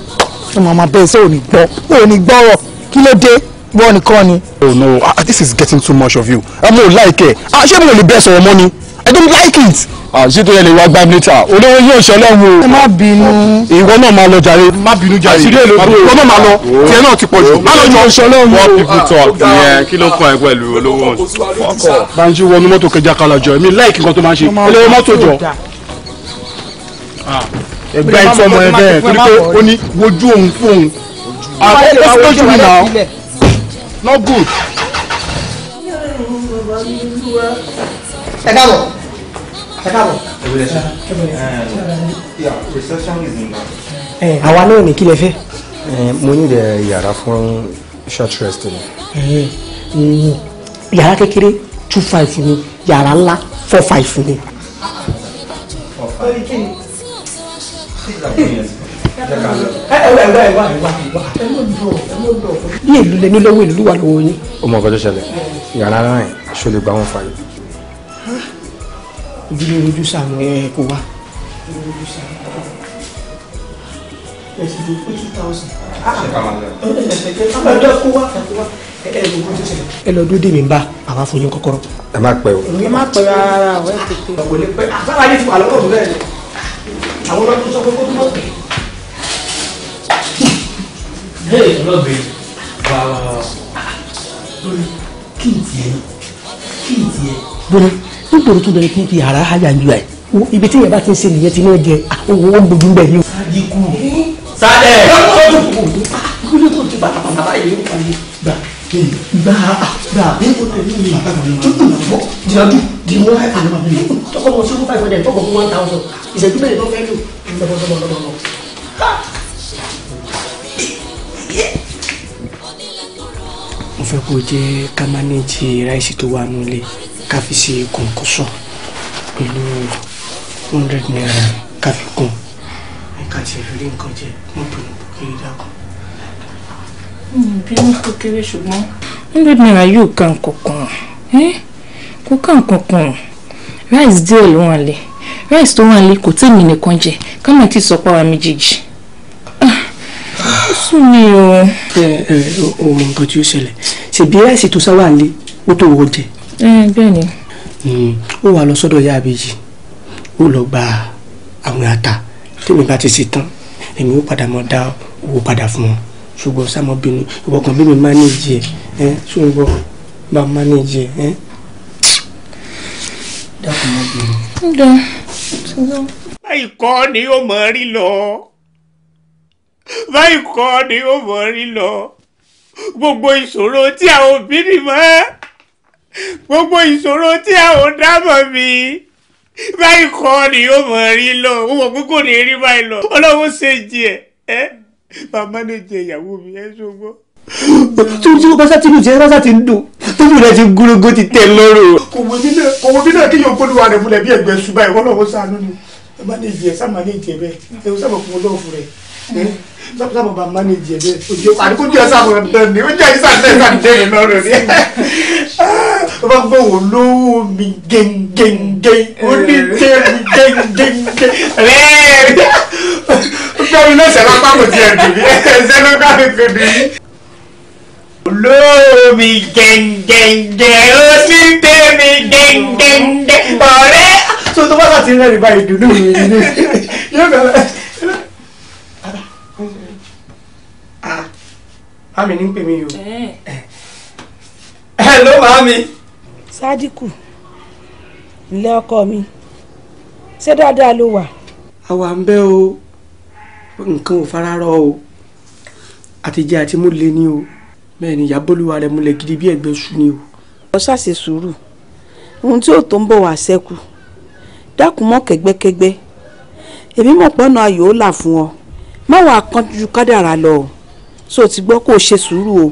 B: ẹ mọ̀ bẹ́ẹ̀ sẹ́ ò gbọ́ ò gbọ́rọ̀ kí ló dé wọ́n nìkan ni. oh no uh, this is getting too much of you ẹ ah, mo like ẹ ṣé mo lè bẹ́ẹ̀ sọ̀rọ̀ mọ́ ni i don't like it. àṣé tó yẹ lè wá gbá mi níta olówó yóò ṣe ọlọ́run o. ẹ má bínú. ìwọ náà máa lọ jàre. má bínú jàre àṣírí èlò tó ìwọ náà máa lọ tiẹ̀ náà ti pọ̀ jù. má lọ jọ ṣe ọlọ́run o. wọ́n pipu tọ̀ ìyẹn kí ló kàn ẹ́ pẹ̀lú olówó.
E: banji wọnú mọ́tò kẹjà kalajọ èmi láìkí nǹkan tó máa ṣe olówó mọ́tò jọ ẹgbẹ́ ẹ̀ tọmọ ẹ bẹ́ẹ̀ torí pé ó
B: ní wojú òun fóun ó sì lójú mi náà no good. àwa náà ní kí lẹ fẹ́. mo ní ìdẹ yàrá fún short rest
F: ni. Mm, yàrá kékeré two five
B: ni yàrá ńlá four five ni ní ìlú lẹni lọ́wọ́ ìlú wà lọ́wọ́ yín. ó mọ nǹkan tó ṣẹlẹ̀ yàrá rẹ̀ ṣó lè gba wọn fàyè. ojúlé ojú sàmù ẹ kò wá. ẹ lọ dúró dè bá àwa fún yín kọ́kọ́rọ́. ẹ má pẹ́ o. ẹ má pẹ́ rárá o ẹ tètè. ọ̀pọ̀lọpọ̀ yìí ti wà lọ́wọ́ mi bẹ́ẹ̀ ni àwọn ọlọ́dún sọ pé kó tó bem, pé.
D: ẹ ẹ lọ́bẹ̀ wà que wà lórí kí n tiẹ̀ kí n tiẹ̀.
B: bọ́lá nítorí tó bẹ̀rẹ̀ kí n fi ara hájà ju ẹ̀ ibi tí yàrá ti ń ṣe nìyẹn ti náà jẹ owó ń bójú bẹ̀ ni. sádìkù sádẹ̀. kí ló tó ti bàtà bàtà báyìí ló ń pa yìí gba gba bí o tẹ ní ìmọ̀ àgbà mo fẹ́ kó jẹ́ ká mánéjì ráìsì tó wà nílé ká fi ṣe kọ̀ǹkọ̀ṣọ̀ pẹ̀lú hundred naira ká fi kún ẹ̀ka tí ẹ rí nǹkan jẹ mọ́tò ní bùkún ìdákan.
D: Hmm, bínú tó kéré ṣùgbọ́n. hundred naira yóò ka nǹkan kan kó ká nǹkan eh? kan rice díẹ̀ ló wà lẹ̀ rice tó wà lẹ̀ kò tí èmi nìkan jẹ
F: ká má ti sọ páwa méjèèjì. Ah, ó sùn mí o. ẹ ẹ
B: o mọ nǹkan tí ó ṣẹlẹ̀ ṣèbí rice tó sáwà lé ó tó wọ jẹ.
D: ẹ eh, bẹ́ẹ̀ ni.
B: Hmm, ó wà lọ sọ́dọ̀ ìyá àbèjì ó lọ gba àwọn ata tèmi bá ti ṣe tán èmi ó padà mọ dá owó padà fún wọn ṣùgbọ́n sàmọ́bìnú ìwọ kan bí mi manage ẹ ṣùgbọ́n bá manage ẹ.
F: dákun má bínú. ń dán ti lọ.
B: báyìí kọ́ ni ó mọ̀ rí lọ báyìí kọ́ ni ó mọ̀ rí lọ gbogbo ìṣòro tí àwọn òbí rì mọ́ gbogbo ìṣòro tí àwọn dábọ̀ mi báyìí kọ́ ni ó mọ̀ rí lọ ó mọ̀ pé kò ní báyìí lọ ọlọ́run ṣe jì ẹ́
E: màmá lè jẹ ìyàwó mi ẹ ṣogbó.
B: tí tí rọ́ṣà ti ń jẹ rọ́ṣà ti ń dùn tóbi rẹ ti gúrégó ti tẹ lọ́rùn. kò wọ bí náà kéèyàn polówó rẹ múlẹ̀ bí ẹgbẹ́ ṣùgbà ìwọ náà wọ́n sànú ni ẹ má lè jẹ sá má lè jẹ bẹ́ẹ̀ ẹ wọ́n sábà fún ọlọ́ọ̀fù rẹ sábà bá má lè jẹ bẹ́ẹ̀ òjò àdìkúnjẹ sábà dán ni ah, ó jẹ́ ìsàlẹ̀ ìsàlẹ̀ nítorí náà ṣẹlá pápọ̀ tiẹ̀ dùbí ẹsẹ̀ ló ká fi fi dùbí. olómi gẹ̀ǹgẹ̀ǹgẹ̀ ó sì tẹ̀mí gẹ̀ǹgẹ̀ǹgẹ̀ ọ̀rẹ́. so tó bá láti rẹ́rìn báyìí dùnú mi ni yóò bẹ̀rẹ̀. Ah, mami ní pè
D: mí o. Eh.
B: Hello mami. Sádíkù, ilé ọkọ mi, ṣé dáadáa ló wà? Àwa ń bẹ o nǹkan ò fararọ o àtijọ́ àti mú lé ní o bẹ́ẹ̀ ni ìyábọ̀lúwa rẹ̀ múlẹ̀ gidi bí ẹ̀gbẹ́ sùn ni o. ọ ṣàṣe sùúrù ohun tí ò tó ń bọ̀ wá ṣẹ́kù dákun mọ́ kẹ́gbẹ́kẹ́gbẹ́ èmi mọ̀ pọ́nà ayò ó là fún ọ má wàá kánjú kádàrá lọ o so ti gbọ́ kó o ṣe sùúrù o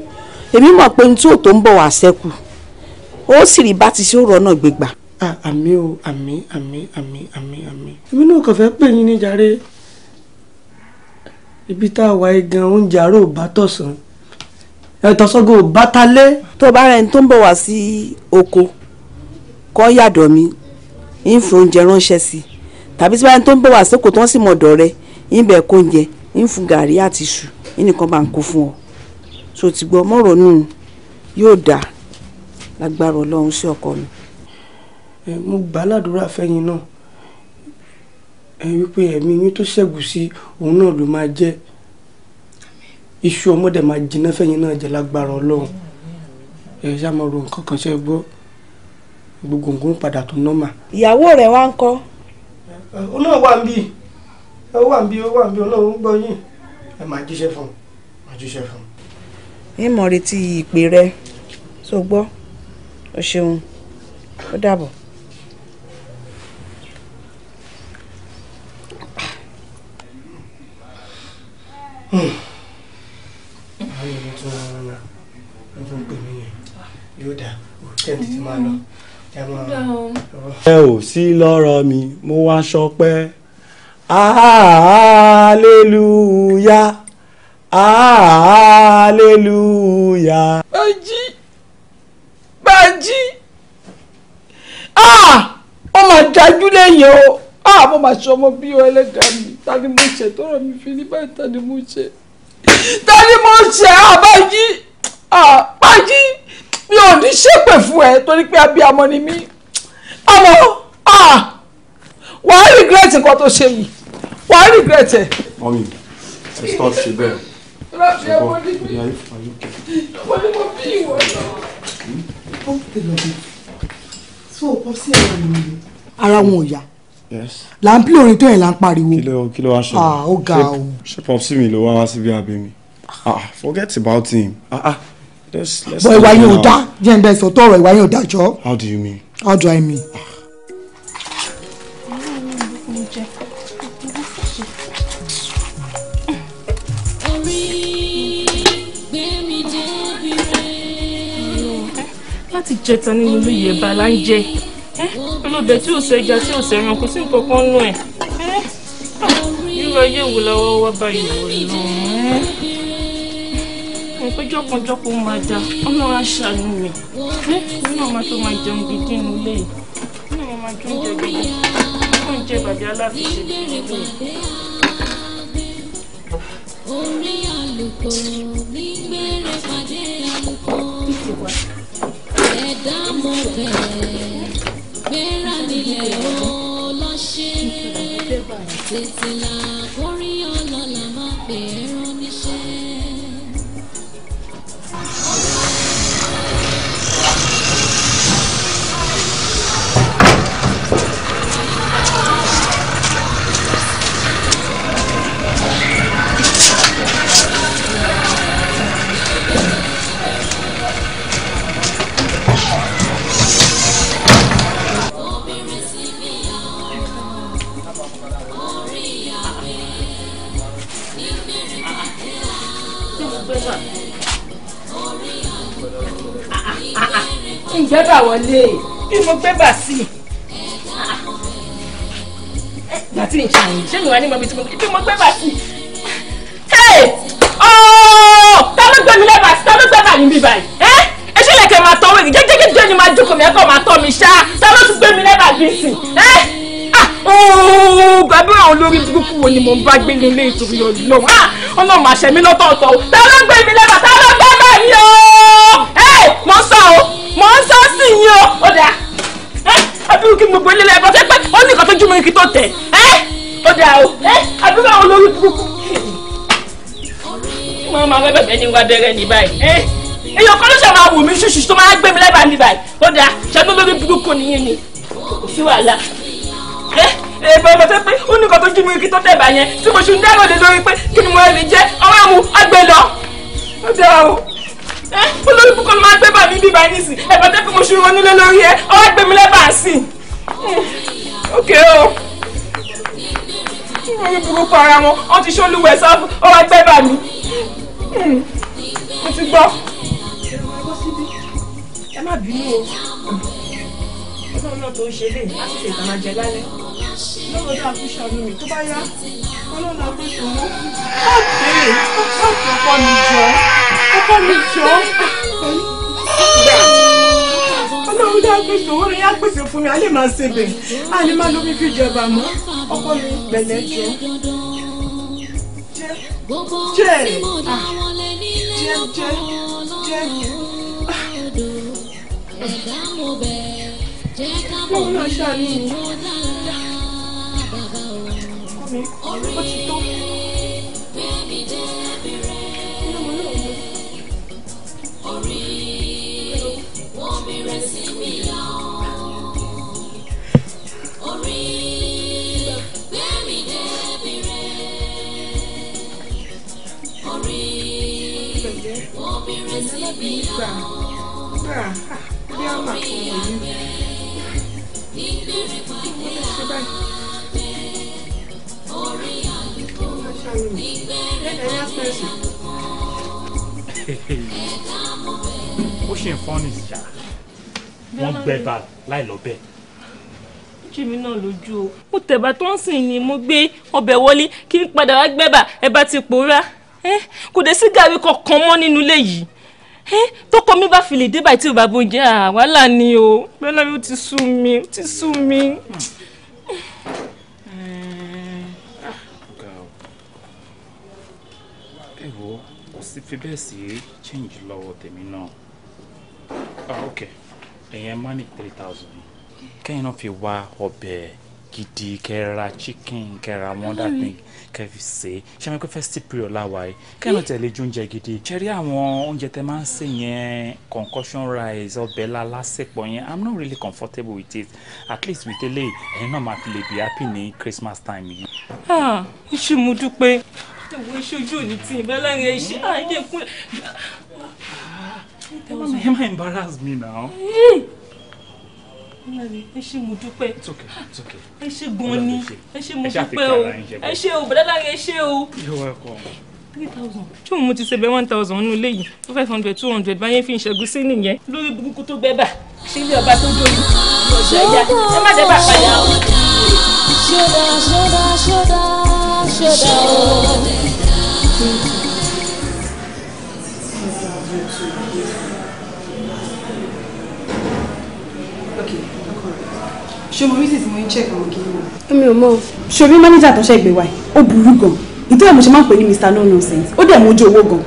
B: èmi mọ̀ pé ohun tí ò tó ń bọ̀ wá ṣẹ́kù ó sì rí bá ti ṣe ó rọ́nà gbégbà. Ah, àmì o àmì àmì àmì àmì àmì èmi náà kàn fẹ́ pè yín ní ibi tá a wà yìí gan oúnjẹ àárọ̀ ò bá tọ̀sán ẹ̀tọ́sọ́gò ò bá ta lé. tó bá rẹ̀ ń tó ń bọ̀ wá sí oko kọ́ yàdọ̀ mi ń fi oúnjẹ ránṣẹ́ sí i tàbí tí bá rẹ̀ ń tó ń bọ̀ wá sóko tó ń sì mọ̀dọ̀ rẹ̀ ń bẹ̀ kó oúnjẹ ń fún gàrí àti iṣu nìkan bá ń kó fún ọ so ti gbọ́ mọ́rọ̀ nù yóò dà lágbára ọlọ́run sí ọkọ mi. mo gbà á fẹ́yìn náà ẹ wípé ẹ̀mí yín tó ṣẹ́gun sí òun náà ló máa jẹ́ iṣu ọmọdé máa jiná fẹ́yìn náà jẹ́ lágbára ọlọ́run ẹ ṣá máa ro nǹkan kan ṣe gbọ́ gbogbo ń padà tó nọ́mà. ìyàwó rẹ̀ wá ń kọ́. ó náà wà ń bí ó wà ń bí ó wà ń bí ọlọ́run ń gbọ́ yín ẹ máa jíṣẹ́ fún un máa jíṣẹ́ fún un. ìmọ̀ retí ìpè rẹ tó gbọ́ o ṣeun ó dàbọ̀. ayé mi tún wọn náà wọn tún pè mí yẹn yóò dá òtẹ́ títí máa lọ
E: ẹ ò sí lọ́rọ̀ mi mo wá ṣọpẹ́ aleluya aleluya.
B: bàjí bàjí ah, ó mà dájú lẹ́yìn o ah mo máa ọmọ bí o ẹlẹ́dàá mi ta ni mo ṣe tọrọ mi fi ní báyìí ta ni mo ṣe ta ni mo ṣe àbájí ah, àbájí ah, mi ò ní ṣépè fún ẹ torí pé abiyamọ ni mí ọmọ ah, wàá regret nǹkan tó ṣe yìí wàá
E: regret ẹ. mọ́mí ṣe stop ṣe bẹ́ẹ̀. rábì ẹ mo ní bí mo
B: ní mo bí ìwọ náà. ó tẹ̀lé ọdún tó o kọ sí ẹ̀rọ ìròyìn ara wọn ò yá
E: là ń pílè orin tó yẹn là ń pariwo kí ló wá ah ó ga o ṣé pọpsi mi ló wá wá síbi abẹ mi ah, ah forget about him ah ah let's let's. bọ ìwà yẹn ò dá
B: jẹ́ ń bẹ́ẹ̀ sọ tọrọ ìwà yẹn ò dájọ́. how do you mean. how do
F: I mean. Ah.
D: láti jẹ tán nínú ìyẹ̀bà là ń Eh, olóde tí ò ṣe ẹja tí ò ṣe ẹran kò sí nǹkan kan nù ẹ̀ eh, irú ayé wò lọ́wọ́ wá báyìí wò lọ eh. mo pé
F: jọkànjọkọ máa da ọlọ́run aṣàánú mi nínú ọmọ tó máa jẹun gidi nílé yìí
A: nínú ọmọ tó ń jẹ gidi ó ń jẹ bàbá aláfiṣe gidi orí àlùkò ní gbére pàdé àlùkò ẹ̀dá mọ̀ bẹ́ẹ̀ gbéra nílẹ̀ ó lọ ṣe tètè là ọlọ́lá má pè é rán.
B: ǹjẹ́ bà wọlé bí mo gbé bà sí ìgbà tí n ṣe àyè ṣé mi wà ní mọ̀bí tí mo gbé bí mo gbé bà sí. Oh! ta ló gbé mi lẹ́bàá sí ta ló gbé bà ní bí báyìí ẹ ẹ ṣe lè kẹ́ máa tọ́ wẹ̀gì jẹ́jẹ́jẹ́jẹ́ ni máa jókòó mi ẹ̀kọ́ máa tọ́ mi ṣá ta ló tún gbé mi lẹ́bàá bí sí ẹ bàbá àwọn olórí burúkú wo ni mo ń bá gbé ní ilé ìtòrí ọlọ́run ọlọ́run àṣẹ mi lọ́tọ̀ọ̀tọ̀ ta ló gbé mi lẹ́bàá ta ló gbé bẹ́ẹ̀ yọ ẹ mo sọ o mọ̀ ń sọ sí ni o. ó dà abirù kí gbogbo ilé lẹ́gbọ́n tẹ́ pé ó ní nǹkan tó jùmọ̀ kí tó tẹ̀ ó dà o abirù àwọn olórí burúkú. mo máa fẹ́ bẹ̀bẹ̀ ní wá bẹ̀rẹ̀ ní báyìí. èèyàn kan ló ṣe máa wù mí ṣùṣù tó máa gbé mi lẹ́bàá ní báyìí ó dà ṣẹ́gun lórí burúkú nìyẹn ni kò sí wàhálà èèbọ̀ ọmọ tó pé ó ní nǹkan tó jùmọ̀ kí tó tẹ̀ bá yẹn tí mo ṣe ń dárò lé lórí pé kí ni mo lè jẹ́ ọwọ́ mu ọgbẹ́ lọ ó dà o olórí bukọ́ ló máa gbé bàmí bíbá yín nísìn ẹ̀bọ̀n tẹ́ pé mo ṣe ronú lé lórí ẹ ọwọ́ gbé mi lẹ́bàá sí i òkè o lórí burúkú ara wọn wọ́n ti ṣolúwẹ̀ sáfù ọwọ́ gbé bàmí mo ti gbọ́ ẹ má bínú o ọlọ́run náà tó ṣe léyìn á ṣe ìtàn àjẹ lálẹ́ lọ́wọ́ dáa mi tó bá yá ọlọ́run náà tó ó kéré ó kọ́ mi jọ ọkọ mi jọ ọlọ́run dá pèsè owó rẹ̀ yá pèsè fún mi a lè máa ṣe bẹ̀ a lè máa lómi fi jọba mọ́ ọkọ mi pẹ̀lẹ́ jọ
A: jẹ jẹ jẹ jẹ jẹ ọmọ náà ṣàlùmí ọmọ mi ó ti tó. nana bi gba gba ebi ama fún mi yìí mo lè ṣe báyìí ẹ̀yin aspiration.
D: ó ṣe nǹkan ní ìjà wọ́n gbẹ bá láì lọ bẹ́ẹ̀.
B: jèmi náà lójú o mo tẹ̀bà tó ń sìn ni mo gbé ọbẹ̀ wọlé kí n padà wá gbẹ́bà ẹ bá ti pòórá. Eh, kò dé sí gàrí kankan mọ́ nínú ilé yìí eh, tọkọ mi bá fi lè dé báyìí tí ò bá bó jẹ àwàlà ni o bẹ́ẹ̀ lọ́wọ́ ti sú
D: mi ó ti sú mi. ẹ wo kò sí fi bẹ́ẹ̀ sí change lọ́wọ́ tèmi náà ah ok ẹ̀yẹn má ní three thousand kẹ́yìn náà fi wá ọbẹ̀ gidi kẹ́ra chicken kẹ́ra mother thing kẹfì ṣe ṣé mi kò festive period láwa yìí kẹ́hìn náà tẹ̀lé oúnjẹ gidi ṣẹ́rí àwọn oúnjẹ tẹ máa ń sè yẹn concussion rice ọbẹ̀ la lásìpọ̀ yẹn i'm not really comfortable with it at least with eléyìí ẹ̀yin náà máa fi lè be happy ní christmas time yìí. ah iṣu mo dúpẹ́
B: ìwé ìṣojú òní tí ìbálẹ̀ iṣẹ́ àìdẹ́kùn. ẹ má
D: embarrass me now.
B: Hmm ẹ ṣé mo dúpẹ́. It's okay, it's okay. Ẹ ṣé gan ni. Ẹ ṣé mo dúpẹ́ o. Ẹ ṣé o, bàdàdà
D: ẹ ṣé o. Three thousand. Tí mo ti ṣe bẹ one thousand nínú ilé yìí, five hundred, two hundred báyẹn fi ìṣẹ́gun sí nìyẹn. Lórí burúkú tó gbẹ́bà, ṣé ilé ọba tó dóyún? Ọ̀ṣẹ́ ẹ̀yà, ẹ má dẹ́bà padà o.
A: Ṣọ́dà ṣọ́dà ṣọ́dà ṣọ́dà.
B: ṣé mo rí
F: sísè mo ń check àwọn kìíní wọn.
B: mi ò mọ o. ṣòrí mánéjà tó ṣe gbé wa ó burú gan ìtọ́ ẹ̀ mo ṣe máa ń pè ní Mr No Nonsense ó dẹ̀ mojú owó gan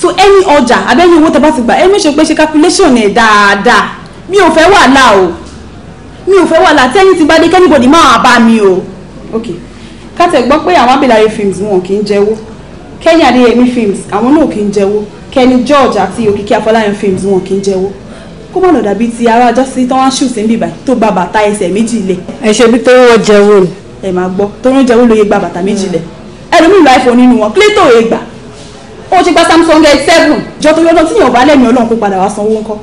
B: so any ọjà abẹ́ ní owó tẹ́bá ti gbà ẹ mẹ́sàn pé ṣe calculation ẹ̀ dáadáa mi ò fẹ́ wàhálà o mi ò fẹ́ wàhálà tẹ́yìn ti bá dé kẹ́nìbọ̀dì máa bá mi o. ok kátẹ́ gbọ́ pé àwọn abẹ́láyé films wọn kì í jẹ́wọ́ kẹ́yìn adéyẹmí films àwọn náà kì í jẹ́wọ́ kẹ́ni George àti òkìkí afọláyàn films wọn kì í jẹ́wọ́ kó má lọ dàbí ti ará jọ́sí tán wá ṣùsí níbí báyìí tó gba bàtà ẹsẹ̀ méjì lẹ̀.
F: ẹ ṣe bí torí wọn jẹun.
B: ẹ máa gbọ́ torí wọn jẹun ló gba bàtà méjì lẹ̀ ẹlòmíì lọ iphone nínú wọn clayton yẹ gbà ó ti gba samsung ẹ seven jọ torí ọdún tí yóò bá lẹ́mìí ọlọ́run kó padà wá sanwó ńkọ́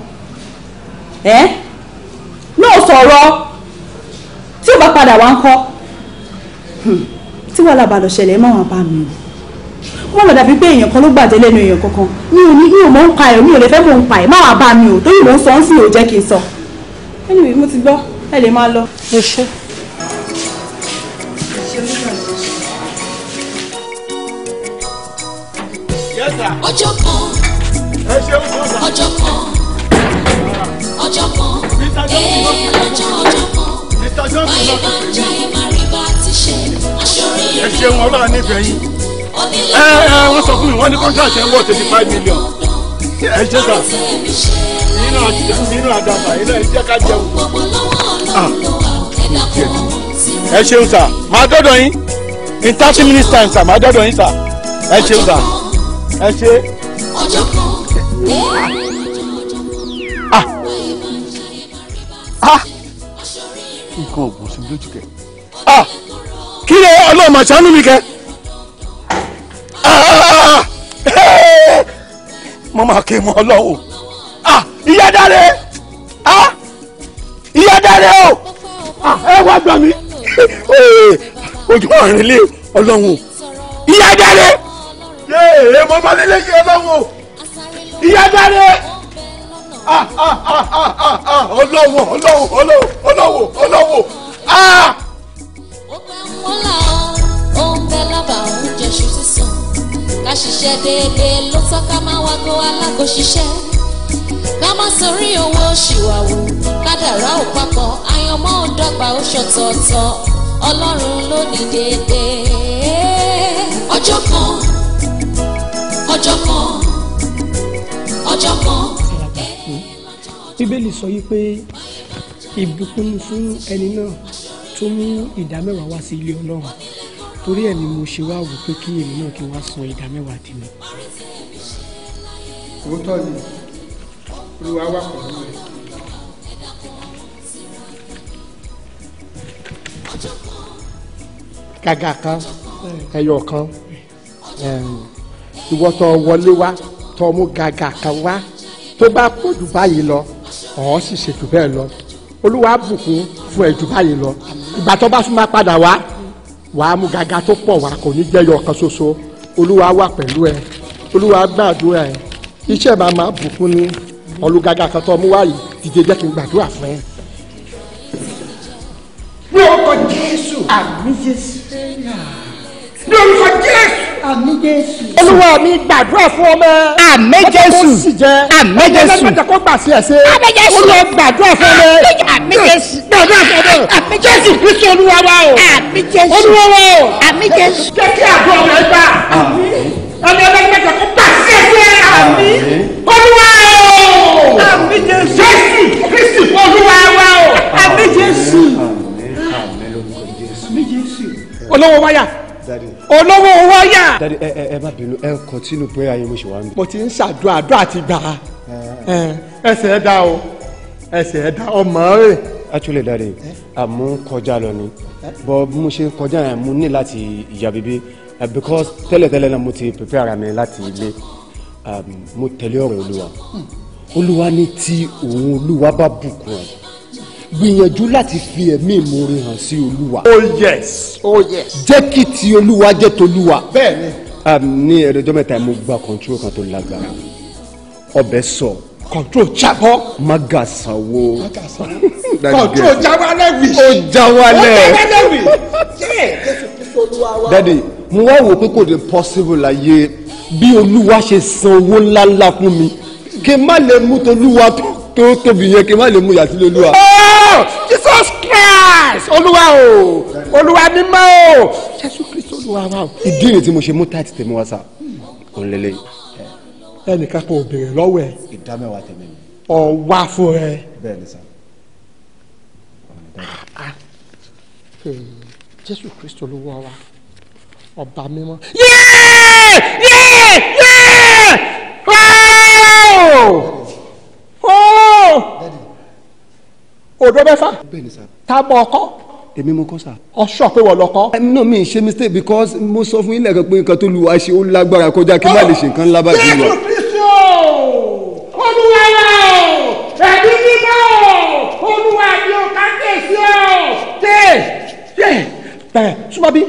B: ẹ náà sọ̀rọ̀ tí ò bá padà wá ńkọ́ hmm, tí wàhálà bá lọ ṣẹlẹ̀ ẹ má wọn bá mi wọ́n lọ dàbí pé èèyàn kan ló gbàjẹ́ lẹ́nu èèyàn kankan mi ò ní yóò mọ̀ ń pa ẹ̀ mi ò lè fẹ́ mọ̀ ń pa ẹ̀ má wàá bá mi ò torí mò ń sọ ọ́n sì ò jẹ́ kí n sọ. anyway mo ti gbọ́ ẹ lè máa lọ. ẹ ṣe.
A: ọjọ́ kan ọjọ́ kan eh, ọjọ́ kan ee ọjọ́ kan báyìí bá ń jẹ́ ìmàrìbá ti ṣe aṣọ orí
B: ìrìn ẹ ṣeun ọlọ́run nífẹ̀ẹ́ yín ẹ ẹ wọ́n sọ fún mi wọ́n ní kọ́ńtàtì ẹ̀ wọ́ twenty five million ẹ jẹ́ ta nínú àdàbà nínú àdàbà yìí náà ẹ jẹ́ ká jẹun ah, ah, ẹ ṣeun sà máa dọ́dọ̀ yín in thirty minutes time sà máa dọ́dọ̀ yín sà ẹ ṣeun sà ẹ ṣe. Ah, nǹkan ò bọ̀ sí lójú kẹ. kí ni ọlọ́run màṣánú mi kẹ́. mo máa ké mọ ọlọ́wọ́ ah ìyá dáre ah ìyá dáre o ah ẹ wá gbà mí ojú ọ̀rìn lé ọlọ́wọ́ ìyá dáre yéé mo máa lélẹ́ yé ọlọ́wọ́ ìyá dáre ah ah ah ah ah ọlọ́wọ́ ọlọ́wọ́ ọlọ́wọ́ ọlọ́wọ́ ọlọ́wọ́ ah.
A: ṣiṣẹ́ déédéé ló tọ́ ká máa wágó alágò ṣiṣẹ́ ká má sọrí owó ṣìwàwù kádàrá ò papọ̀ àyànmọ́ ò dọ́gba ó ṣọ̀tọ̀ọ̀tọ̀ ọlọ́run ló ní déédéé. ọjọ́ kan ọjọ́ kan ọjọ́ kan.
B: bíbélì sọ yìí pé ìbùkún fún ẹni náà tó mú ìdá wá sí ilé ọlọ́run torí ẹ̀ ni mo ṣe wá wò pé kí èmi náà kí wá san ìdá mẹ́wàá tèmi. òótọ́ ni olúwa wà pẹ̀lú rẹ̀. gàgà kan ẹyọ kan ìwọ tó wọlé wá tó mú gàgà kan wá tó bá pọ̀ jù báyìí lọ ọ̀hún sì ṣètò bẹ́ẹ̀ lọ olúwa bùkún fún ẹ̀ jù báyìí lọ ìgbà tó bá súnmọ́ padà wá wàá mú gàgà tó pọ̀ wá kò ní jẹ́ yọ ọ̀kan ṣoṣo olúwa wà pẹ̀lú ẹ olúwa gbàdúrà ẹ iṣẹ́ màmá bùkún ni ọlùgàgà kan tó mú wá yìí dìde jẹ́ kí n gbàdúrà
D: fún ẹ. ní orúkọ
B: jésù àmì jésù ní orúkọ jésù àmín jésù. olúwa mi gbàdúrà fún ọmọ. àmín jésù àmín jésù. ọmọ kò gbà sí ẹsẹ. àmín jésù olúwa gbàdúrà fún ọmọ. àmín jésù gbàdúrà fún ọmọ. àmín jésù kristu olúwa wa o. àmín jésù olúwa
A: wa o. àmín jésù. jẹ́ kí àdúrà rẹ̀ gbà. ọmọ ẹlẹ́gbẹ̀ta kò gbà sí ẹsẹ. àmín olúwa o. àmín jésù. jésù kristu olúwa wa o.
E: àmín jésù. olówó wáyà olówó wáyà. dadi ẹ ẹ ẹ má bínú ẹ kọtínú prayer yín mo ṣe wá mi. mo ti ń ṣàdúrà àdúrà ti gbà á eh. eh, ẹsẹ̀ ẹ dá o ẹsẹ̀ ẹ dá ọmọ rẹ. actually dadi àmú eh? kọjá lọ ni bọ bí mo ṣe kọjá yẹn mo ní láti ìyá bíbí because tẹ́lẹ̀tẹ́lẹ̀ náà mo ti prepare ara mi láti ilé um, mo tẹ̀lé ọ̀rọ̀ olúwa hmm. olúwa ní tí òun olúwa bá bùkún ẹ̀ gbìyànjú láti fi ẹ̀mí ìmoore hàn sí olúwa. oh
B: yes oh
C: yes.
E: jẹ́ kí ti olúwa jẹ́ tolúwa. bẹ́ẹ̀ni. Um, ní ẹ̀rọjọ́ mẹ́ta mo gba control kan tó lágbára ọbẹ̀ sọ. control jábọ́. maga sanwó. maga sanwó. control jáwálẹ̀ wì. ó jáwálẹ̀. ó jáwálẹ̀ wì. dadi mo wá wò pé kò dé possible láyé bí olúwa ṣe san owó ńláńlá fún mi kí n má lè mú tolúwa tó tóbi yẹn kí n má lè mú yàtí lolúwa
B: jesus christ olúwa o olúwa mímọ́ o jésù kristu olúwa wa o. ìdí
E: rẹ̀ tí mo ṣe mú táìtì tèmi wá sá òun lélẹ̀ yìí. ẹnìkan kan ò béèrè lọ́wọ́ ẹ̀. ìdámẹ́wàá tèmi ni. ọ̀wá fún ẹ. bẹ́ẹ̀ sá.
B: Ah, ah. Hmm. jésù kristu olúwa wa ọba mímọ́. Oh! Daddy odo mẹ́fà tábọ̀ ọkọ́
E: èmi mo kọ́ sà. ọṣọ pé wọ́n lọ kọ́. no mi ṣe mistake because mo sọ fún ilẹ̀ kan pé nǹkan tó lu wa ṣe ó lágbára kọjá kí n má lè ṣe nǹkan lábàá jù lọ.
A: olúwa yọ ẹ̀mí mímọ́ olúwa yọ kábíyèsí ọ̀
B: tẹ̀ tẹ̀ tẹ̀ súnmọ́ bí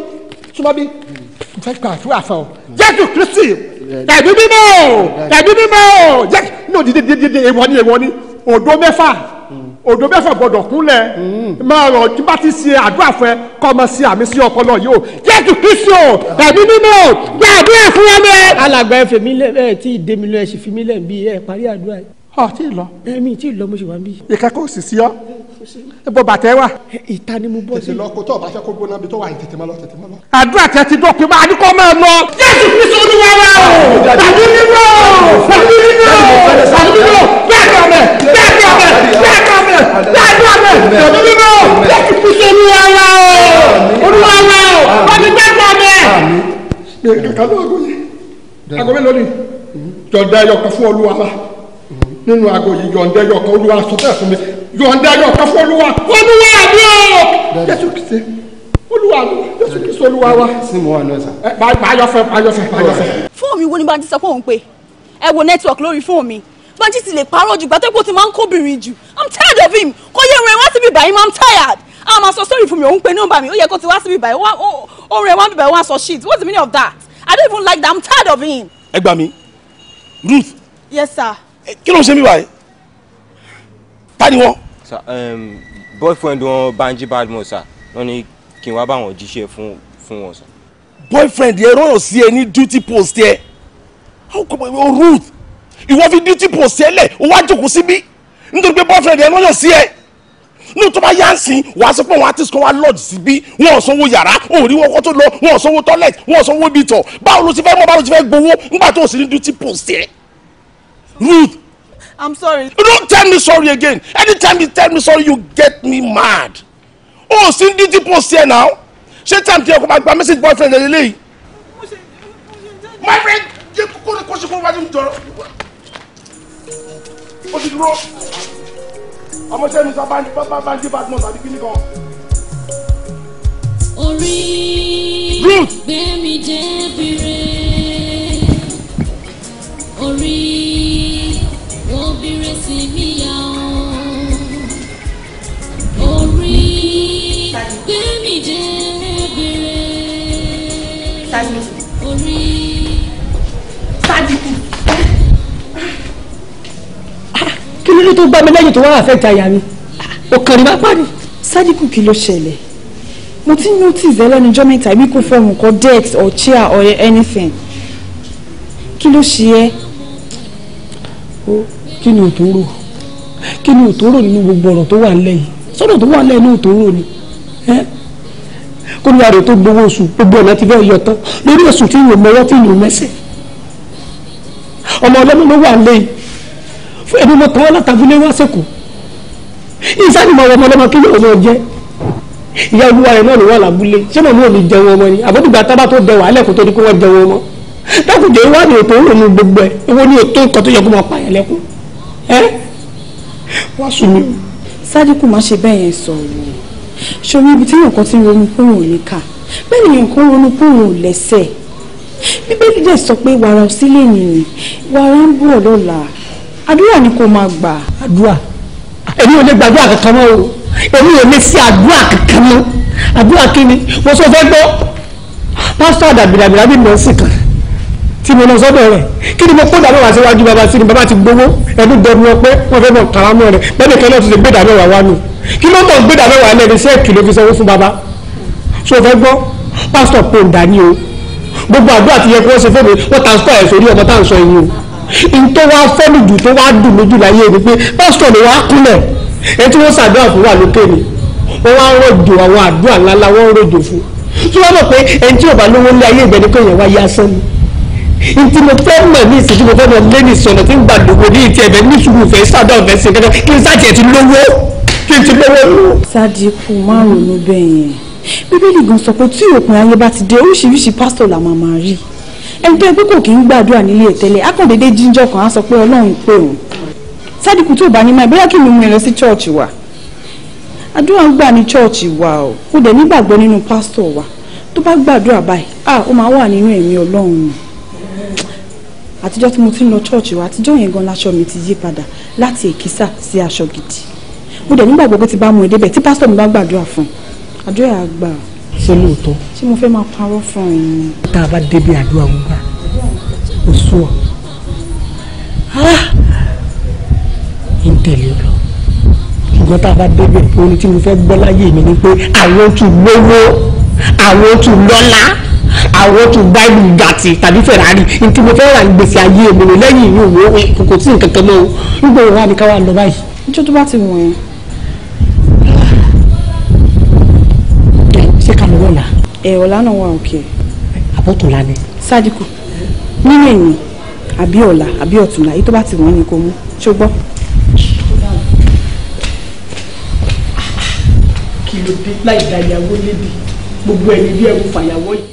B: súnmọ́ bí fẹ́ gbàdúrà fún ọ jésù kristi ẹ̀mí mímọ́ ẹ̀mí mímọ́ jẹ́ ní òdìdí èèwọ̀ ni èèwọ̀ ni òdo òdò bẹ́ẹ̀ fẹ́ gbọ́dọ̀ kúnlẹ̀ hmm. máa rọ̀ tí bá ti ṣe àdúrà fẹ́ kọ́ ọmọ sí àmì sí ọpọlọ yìí o jésù kristu ẹ̀mí mímọ́ gba àdúrà fún wọn lẹ. alàgbà ẹ fèmí lẹ ẹ tí ì démi lọ ẹ sì fi mí lẹ bí ẹ parí àdúrà yìí. ọ tí ì lọ. ẹmí tí ì lọ mo ṣe wà níbí. ìkẹ́kọ̀ọ́ sì sí ọ bọ bàtẹ wa. ìta ni mo bọ sí. tètè lọ kó tó o bá fẹ́ kó gbóná bi tó wà ní tètè máa lọ tètè máa lọ. àdúrà tẹ ti dópin máa ní kó máa lọ. jésù
A: kristu olúwa wa o tàbí nínú tàbí nínú tàbí nínú bẹ́ẹ̀ kọ́ bẹ́ẹ̀ bẹ́ẹ̀ gbàdúrà rẹ̀ tòbí mímọ́ láti fi ṣe ní ara ọ̀ olúwa wa ọ̀ wọ́n ti gbàgbọ́ bẹ́ẹ̀.
B: kàkà ló àgọ́ yìí àgọ́ mélòó ni jọ̀ǹda ẹyọ kan fún olúwa wa nínú àgọ́ yìí jọ̀ǹda ẹyọ kan olúwa sọ́tẹ̀ fún mi yọ̀ǹda ẹyọ kan fún olúwa olúwa mi ò jésù kìsẹ́ olúwa mi jésù kìsẹ́ olúwa wa. símu wa nọ́ọ̀sà. bá a yọ fẹ́ bá a yọ fẹ́ bá a yọ fẹ́. fóònù wo ni bá ti sọ fóònù pé ẹ wo nẹ́tíwọ̀kì lórí fóònù mi Banji ti lè parọ́ jù gbàtẹ́ pé ó ti máa ń kóbìnrin jù i'm tired of him kò yẹ rẹ̀ wá síbi báyìí i'm tired I'm àwọn máa sọ sórí fún mi òun pé nọ́mbà mi ó yẹ kó ti wá síbi báyìí ó rẹ̀ wá síbi báyìí wọ́n á sọ shit what's the meaning of that i don't even like that i'm tired of him. ẹ gbà mí ruth. yes sir. kí ló ń ṣe mí báyìí ta ni
E: um, boyfriend wọn Banji badmo sir wọn ni kí n wá bá wọn jíṣẹ́ fún fún sir.
B: boyfriend yẹn rọrùn sí ẹ ní duty post yẹ how come o oh, ruth ìwọ fi duty post ẹlẹ̀ o wá jòkó síbí nítorí pé boyfriend ẹ̀ lọ́yọ̀ sí ẹ̀ ní tó bá yá ń sìn wàá sọ pé àwọn artist kan wá lodge síbí wọn ò sanwó yàrá wọn ò rí wọn kó tó lọ wọn ò sanwó toilet wọn ò sanwó ibi ìtọ̀ báwo ló ti fẹ́ mọ báwo ló ti fẹ́ gbowó nígbà tó o sì ní duty post ẹ̀ Ruth. I'm sorry. Don't tell me sorry again anytime you tell me sorry you get me mad o ò sí duty post ẹ̀ náà ṣé time tí ẹ kò máa gba message boyfriend ẹ̀ lélẹ́yìí my friend jẹ́ kó kó ṣe kó wájú ń jọrọ ó ti dúró ọmọọṣẹ́ mi sábà ń jí Badmus àti kíní kan.
A: orí gbẹ̀mí jẹ́ bìrẹ̀ orí wọ́n bìrẹ̀ sí mi yá ọ́ orí gbẹ̀mí jẹ́ bìrẹ̀.
B: ló dé tó gbá mi lẹ́yìn tó wá àfẹ́ta ìyá mi ò kàn ní bá parí. sádìkù kí ló ṣẹlẹ̀ mo ti notice ẹ lẹ́nu ọjọ́ mẹ́ta èmi kò fọhùn kan desk or chair or anything kí ló ṣe ẹ́. kí ni òtún kí ni òtún rò nínú gbogbo ọ̀rọ̀ tó wà nílẹ̀ yìí sọ́dọ̀ tó wà nílẹ̀ ní òtún rò ni kó ní àrò tó gbowó oṣù gbogbo ọ̀nà ti fẹ́ yọ tán lórí oṣù tí yòó tí yòó ọmọ ọlọ́mọ ló wà nílẹ̀ yìí fún èmi mo tàn án látàbílẹ̀ wá sẹ́kù ìsánimọ̀ ọmọ ọmọlọ́mọ kí ni ọmọ jẹ ìyá olúwa rẹ̀ náà ni wọ́n làbúlé ṣé màmú ò ní jẹun ọmọ ni àbọ̀dùgbà tábà tó dẹ wàhálẹ̀ kó tó di kó wọ́n jẹun ọmọ dákùjẹ́ ìwádìí ètò òun lòun gbogbo ẹ̀ owó ní ètò nǹkan tó yẹ kó máa pààyàn lẹ́kùn ẹ́ wá sùn mí. sádìkù má ṣe bẹ́ẹ̀ yẹn sọ̀rọ̀ ṣòro ibi tí nǹkan ti ronú pé òun ní kà bẹ́ẹ̀ ni nǹkan ronú pé òun lẹ́sẹ̀ bíbélì dẹ̀ sọ pé wàrà òsílẹ̀ yìnyín wàrà ń bọ̀ lọ́la àdúrà ni kò máa gbà. àdúrà èmi ò lè gbàdúrà kankan mọ́ o èmi ò lè ṣe àdúrà kankan mọ́ àdúrà kíni mo sọ fẹ́ gbọ́ pásítọ̀ àdàbìdàbìdà bí mo ń sìn kan tí mo lọ sọ́dọ̀ rẹ̀ kí ni mo kó dàbọ̀ wá síwájú bàbá sí ni bàbá ti gbowó ẹnu dẹnu ọpẹ́ wọn fẹ́ mọ kàrámọ rẹ bẹ́ẹ̀ni kẹlẹ ti gbé dàbẹ wá wá nù kí ló tàn gbé dàbẹ wá lẹni sí ẹkì fi sanwó fún bàbá so fẹ́ gbọ́ pásítọ̀ pòǹdà ni o gbogbo àdúrà ti yẹ kí wọn ṣe fún mi wọn tà ń sọ ẹ sórí ọmọ tá à ń sọ yìí o ntọ́ wa fọ́nù jù tó wá dùn lójú láyé ni pé pásítọ̀ ni wàá kúnlẹ̀ ẹni tí wọ́n ṣàdúrà fún wa lókè ni wọ́n wá rọ̀jò àwọn àdúrà ńláńlá wọ́n rọ̀jò fún tí wọ́n mọ̀ pé ẹni tí ò bá lówó ní ayé ìgbẹ́ni kò yẹn wá yá sẹ́nu ntí mo fẹ́ mọ̀ ní ìsìn tí mo fẹ́ mọ̀ lé ní ìsọ̀nà tí ń gbà dògbò ní ìtì ẹ̀bẹ̀ ní sùúrù fẹ́ sádà ọ̀fẹ́ sí kẹ́kẹ́ kí n sáàtì ẹ̀ ti lówó kí n ti lówó. sádìkù márùn-ún bẹ́ẹ̀ yẹn bíbélì gan sọ pé tí òpin ayé bá ti dé oríṣiríṣi pásítọ̀ làwọn máa rí i ẹni tó yẹ pé kò kí ń gbàdúrà nílé tẹ́lẹ̀ á kàn déédéé jíjọ kan á sọ pé ọlọ́run pé òun sádìkù tó bá ní máa bóyá kí mi mú lọ sí chọ́ọ̀chì wa àdúrà ń gbà ní chọ́ọ̀chì wa o kò dẹ̀ nígbàgbọ́ nínú pásítọ̀ wa tó bá gbàdúrà báyìí ah ó máa wà nínú ẹ̀mí ọlọ́run ni àtijọ́ tí mo ti ń lọ chọ́ọ̀chì wa àtijọ́ yẹn gan láṣọ mi ti yí padà láti èkísà sí aṣọ gidi mo dẹ̀ nígbàgbọ́ pé ti bá mú ẹ débẹ̀ tí pásítọ̀ mi bá gbàdúrà fún àdúrà àgbà o sọ lóòótọ́. ṣé mo fẹ́ máa parọ́ fún yín. tá a bá débi àdúrà wọn gbà ó sún ọ ń ah! tẹ̀lé ọ lọ ṣùgbọ́n tá a bá débi ohun tí mo fẹ́ gbọ́ láyé mi ni pé àwọn tún lówó àwọn tún lọ́lá àwọn tó gba ìlú gàtì tàbí Ferrari ntí mo fẹ́ ra gbèsè ayé mi lẹ́yìn ìyún òwò kò sí nǹkan kan náà nígbà wo wà ní ká wà lọ báyìí. ìjọ ti wọ̀nyẹn ẹ ọ̀la náà wà òkè. àbọ̀tọ̀la ni. sádìkù nínú èyí àbí ọ̀la àbí ọ̀túnla èyí tó bá ti wọ́n ni kò mú ṣó gbọ́. kí ló dé láì da ìyàwó lébi gbogbo ẹni bí ẹrù
D: fàyàwọ́ yìí.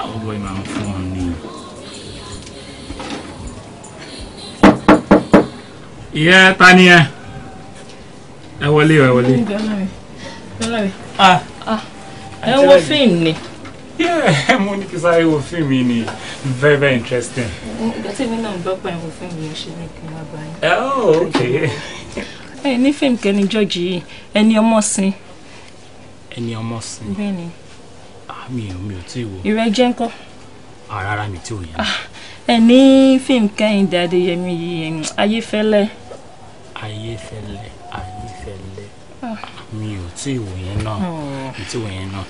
D: àwọn ọmọ ìmọ̀ àwọn fún wọn ni. ìyá ta ni ẹ ẹ wọlé ẹ wọlé.
F: Ah. Ah. ah,
D: ah. ẹ wo film ni. mo ní kí sáré wo fíìmù ni very very interesting. ìgbà tí èmi náà ń gbọ́ pé wo fíìmù yìí ṣe ní kí n má oh okay.
F: ẹ ní fíìmù kẹ́ni jọ́ọ̀jì yìí ẹni ọmọ sin.
D: ẹni ọmọ sin. bẹ́ẹ̀ ni. Ah, mi ò mi ò tí ì wo. ìrẹ́jẹ́ ńkọ́. rárá mi tí ò yẹn.
F: ẹ ní fíìmù kẹ́hìndé adéyẹmí yìí ayéfẹ́lẹ́.
D: ayéfẹ́lẹ́ mi ò tí ì wò yẹn náà hmm. mi tí ì yẹn náà